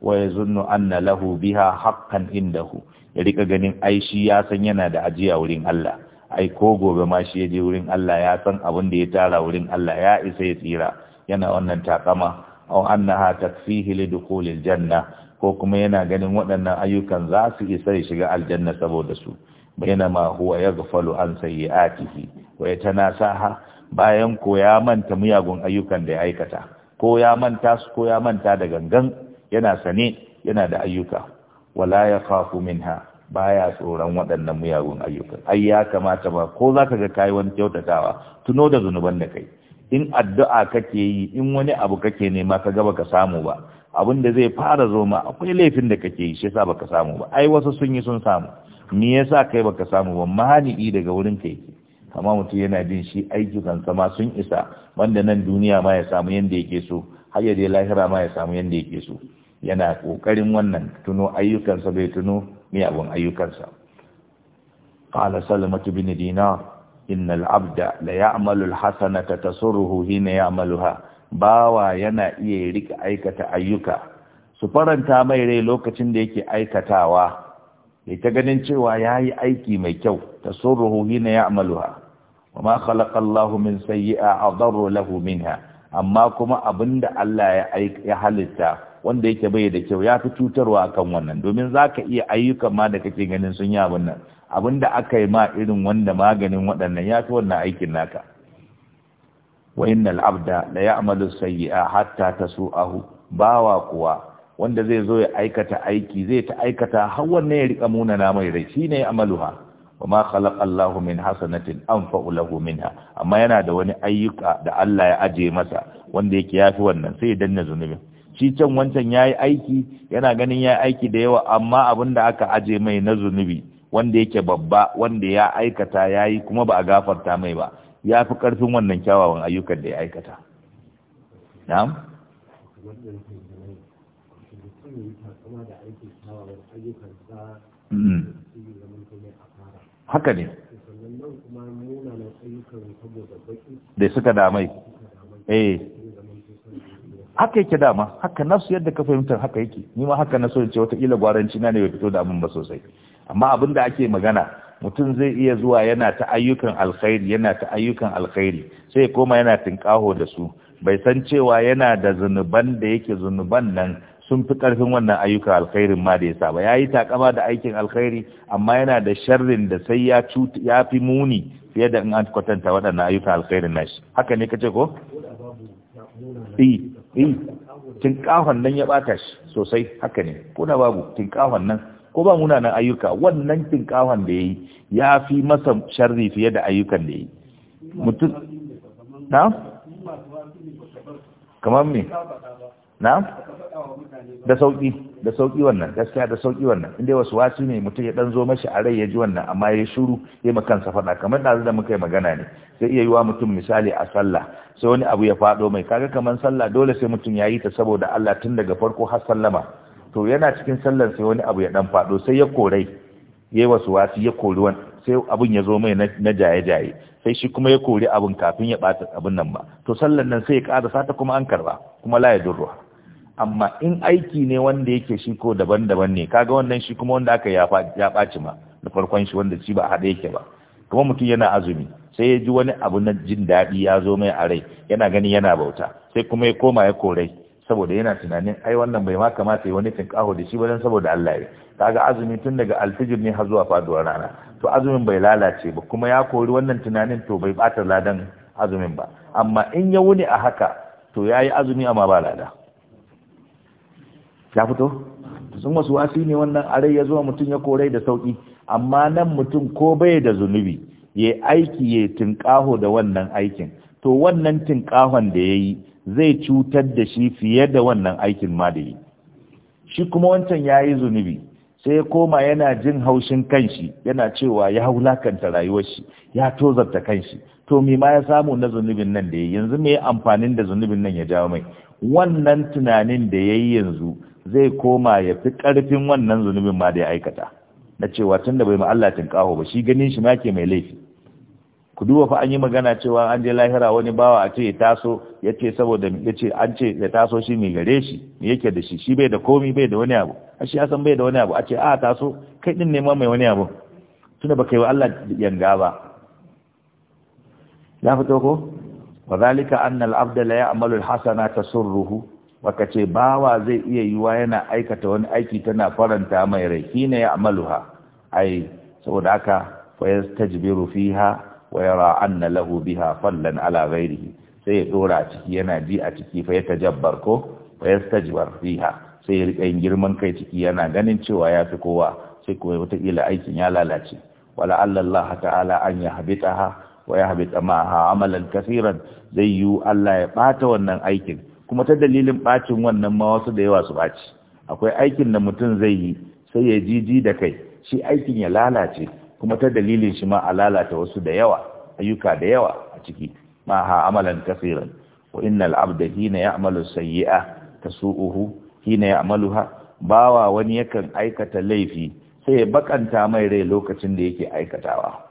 wa yazunnu anna lahu biha haqqan indahu ya rika ganin ai shi ya san yana da ajiya wurin Allah ai ko gobe ma shi ya je wurin Allah ya san abin da ya tara wurin Allah ya isa ya tsira yana wannan takama aw annaha takfihi li dukhulil janna ko kuma yana ganin waɗannan ayyukan za su isa ya shiga aljanna saboda su bayana ma huwa yaghfalu an sayyi'atihi wa yatanasaha bayan ko ya manta miyagun ayyukan da ya aikata ko ya manta su ko ya manta da gangan yana sane yana da ayyuka wala yakhafu minha baya tsoron waɗannan muyagun ayyukan ai ya kamata ba ko za ka ga kayi wani kyautatawa tuno da zunuban da kai in addu'a kake yi in wani abu kake nema ka gaba ka samu ba abin da zai fara zo ma akwai laifin da kake yi shi yasa baka samu ba ai wasu sun yi sun samu me yasa kai baka samu ba mahanibi daga wurin ka ke? amma mutum yana bin shi aiki sama sun isa wanda nan duniya ma ya samu yanda yake so har ya je lahira ma ya samu yanda yake so yana kokarin wannan tuno ayyukansa bai tuno miyagun ayyukansa qala salamatu bin dinar innal abda la ya'malu alhasanata tasurruhu hina ya'maluha bawa yana iya rika aikata ayyuka su faranta mai rai lokacin da yake aikatawa ya ta ganin cewa yayi aiki mai kyau tasurruhu hina ya'maluha wama khalaqa Allahu min sayyi'a adarru lahu minha amma kuma abinda Allah ya halitta wanda yake bai da kyau ya fi cutarwa a kan wannan domin za ka iya ayyukan ma da kake ganin sun yi abin nan abin da aka yi ma irin wanda maganin waɗannan ya fi wannan aikin naka wa inna al'abda la ya'malu sayyi'a hatta tasu'ahu bawa kuwa wanda zai zo ya aikata aiki zai ta aikata har wannan ya rika muna na mai rai shine amaluha wa ma allahu min hasanatin anfa'u lahu minha amma yana da wani ayyuka da Allah ya aje masa wanda yake yafi wannan sai ya danna zunubin shi can wancan ya yi aiki yana ganin ya yi aiki da yawa amma abin da aka aje mai na zunubi wanda yake babba wanda ya aikata ya yi kuma ba a gafarta mai ba ya fi ƙarfin wannan kyawawan ayyukan da ya aikata haka ne da suka damai eh haka yake dama haka nasu yadda ka fahimtar haka yake ni ma haka na so ce watakila gwaranci na ne bai fito da abin ba sosai amma abin da ake magana mutum zai iya zuwa yana ta ayyukan alkhairi yana ta ayyukan alkhairi sai koma yana tinkaho da su bai san cewa yana da zunuban da yake zunuban nan sun fi ƙarfin wannan ayyukan alkhairin ma da ya saba ya yi takama da aikin alkhairi amma yana da sharrin da sai ya ya fi muni fiye da in an kwatanta waɗannan ayyukan alkhairin nashi haka ne kace ko? Eh. eh tinkahon nan ya bata shi sosai haka ne ko na babu tinkahon nan ko ba muna nan ayyuka wannan tinkahon da yayi ya fi masa sharri fiye da ayyukan da yayi mutum na kamar me na da sauki da sauki wannan gaskiya da sauki wannan inda wasu wasu ne mutum ya dan zo mashi a rai ya ji wannan amma ya shiru ya ma kansa faɗa kamar ɗazu da muka yi magana ne sai iya yi wa mutum misali a sallah sai wani abu ya faɗo mai kaga kamar sallah dole sai mutum ya yi ta saboda Allah tun daga farko har sallama to yana cikin sallar sai wani abu ya dan faɗo sai ya korai ya yi wasu wasu ya kori wani sai abun ya zo mai na jaye-jaye sai shi kuma ya kori abun kafin ya ɓata abun nan ba to sallar nan sai ya ƙara sata kuma an karba kuma la ya durruwa amma in aiki ne wanda yake shi ko daban-daban ne kaga wannan shi kuma wanda aka ya ɓaci ma da farkon shi wanda shi ba haɗe yake ba kuma mutum yana azumi sai ya ji wani abu na jin daɗi ya zo mai a rai yana gani yana bauta sai kuma ya koma ya korai saboda yana tunanin ai wannan bai ma kamata ya wani tinkaho da shi ba saboda Allah ya kaga azumi tun daga alfijir ne har zuwa faduwar rana to azumin bai lalace ba kuma ya kori wannan tunanin to bai bata ladan azumin ba amma in ya wuni a haka to ya yi azumi amma ba lada ya fito sun masu wasi ne wannan arai ya zuwa mutum ya korai da sauki amma nan mutum ko bai da zunubi ya aiki ya tinkaho da wannan aikin to wannan tinkahon da ya yi zai cutar da shi fiye da wannan aikin ma da yi shi kuma wancan ya yi zunubi sai ya koma yana jin haushin kanshi yana cewa ya wulakanta rayuwar shi ya tozarta kanshi to me ma ya samu na zunubin nan da ya yanzu me amfanin da zunubin nan ya jawo mai wannan tunanin da ya yi yanzu zai koma ya fi ƙarfin wannan zunubin ma da ya aikata na cewa tun da bai ma Allah tinkaho ba shi ganin shi ma ke mai laifi ku duba fa an yi magana cewa an je lahira wani bawa a ce ya taso ya ce saboda ya ce an ce ya taso shi mai gare shi me yake da shi shi bai da komi bai da wani abu a shi san bai da wani abu a ce a taso kai din neman mai wani abu da ba kai wa Allah yanga ba ya fito ko wa zalika anna al-abd la ya'malu al-hasanata surruhu waka bawa zai iya yiwa yana aikata wani aiki tana faranta mai rai shine ya'maluha ai saboda haka fa yastajbiru fiha wa yara anna lahu biha fallan ala ghairihi sai ya dora ciki yana ji a ciki fa yatajabbar ko fa yastajbar fiha sai ya rika girman kai ciki yana ganin cewa ya fi kowa sai kuma ila aikin ya lalace wala Allah ta'ala an ya habitaha wa ya habita ma'aha amalan kasiran zai yi Allah ya ɓata wannan aikin kuma ta dalilin ɓacin wannan ma wasu da yawa su ɓaci akwai aikin da mutum zai yi sai ya jiji da kai shi aikin ya lalace kuma ta dalilin shi ma a lalata wasu da yawa ayyuka da yawa a ciki ma'aha amalan kasiran wa innal abda hina ya'malu sayyi'a tasu'uhu hina ya'maluha bawa wani yakan aikata laifi sai ya bakanta mai rai lokacin da yake aikatawa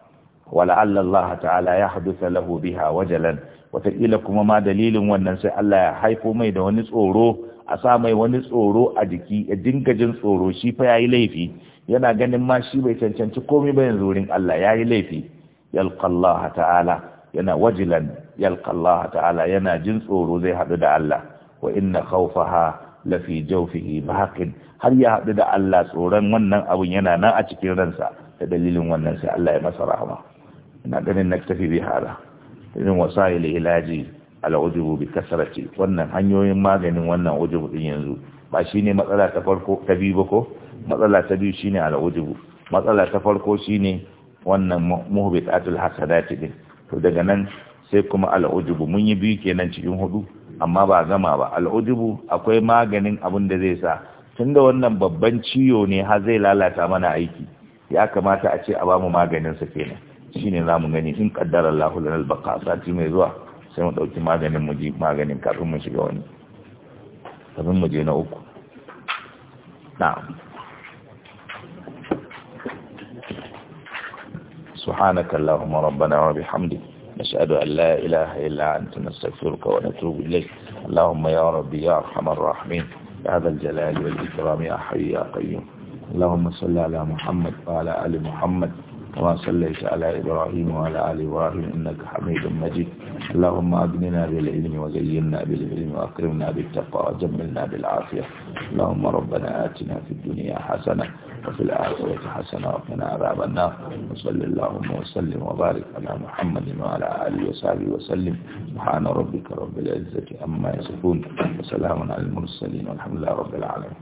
wala'alla Allah ta'ala ya hadusa lahu biha wajalan watakila kuma ma dalilin wannan sai Allah ya haifo mai da wani tsoro a sa mai wani tsoro a jiki ya dinga jin tsoro shi fa yayi laifi yana ganin ma shi bai cancanci komai ba yanzu wurin Allah yayi laifi yalqa Allah ta'ala yana wajilan yalqa Allah ta'ala yana jin tsoro zai hadu da Allah wa inna khawfaha lafi jawfihi baqin har ya hadu da Allah tsoron wannan abun yana nan a cikin ransa da dalilin wannan sai Allah ya masa rahama ina ganin naktafi bi hada irin wasail ilaji al ujubu bi kasrati wannan hanyoyin maganin wannan ujubu din yanzu ba shine matsala ta farko ta biyu ba ko matsala ta biyu shine al ujubu matsala ta farko shine wannan muhbitatul hasadati din to daga nan sai kuma al ujubu mun yi biyu kenan cikin hudu amma ba gama ba al ujubu akwai maganin abin da zai sa tunda wannan babban ciyo ne har zai lalata mana aiki ya kamata a ce a bamu maganin sa kenan shine zamu gani in kaddara Allahu lana albaqa sati mai zuwa sai mu dauki maganin muji maganin kafin mu shiga wani kafin mu je na uku na'am سبحانك اللهم ربنا وبحمدك نشهد أن لا إله إلا أنت نستغفرك ونتوب إليك اللهم يا ربي يا أرحم الراحمين يا ذا الجلال والإكرام يا حي يا قيوم اللهم صل على محمد وعلى آل محمد كما صليت على إبراهيم وعلى آل إبراهيم إنك حميد مجيد اللهم أغننا بالعلم وزينا بالعلم وأكرمنا بالتقوى وجملنا بالعافية اللهم ربنا آتنا في الدنيا حسنة وفي الآخرة حسنة وقنا عذاب النار وصل اللهم وسلم وبارك على محمد وعلى آله وصحبه وسلم سبحان ربك رب العزة أما يصفون وسلام على المرسلين والحمد لله رب العالمين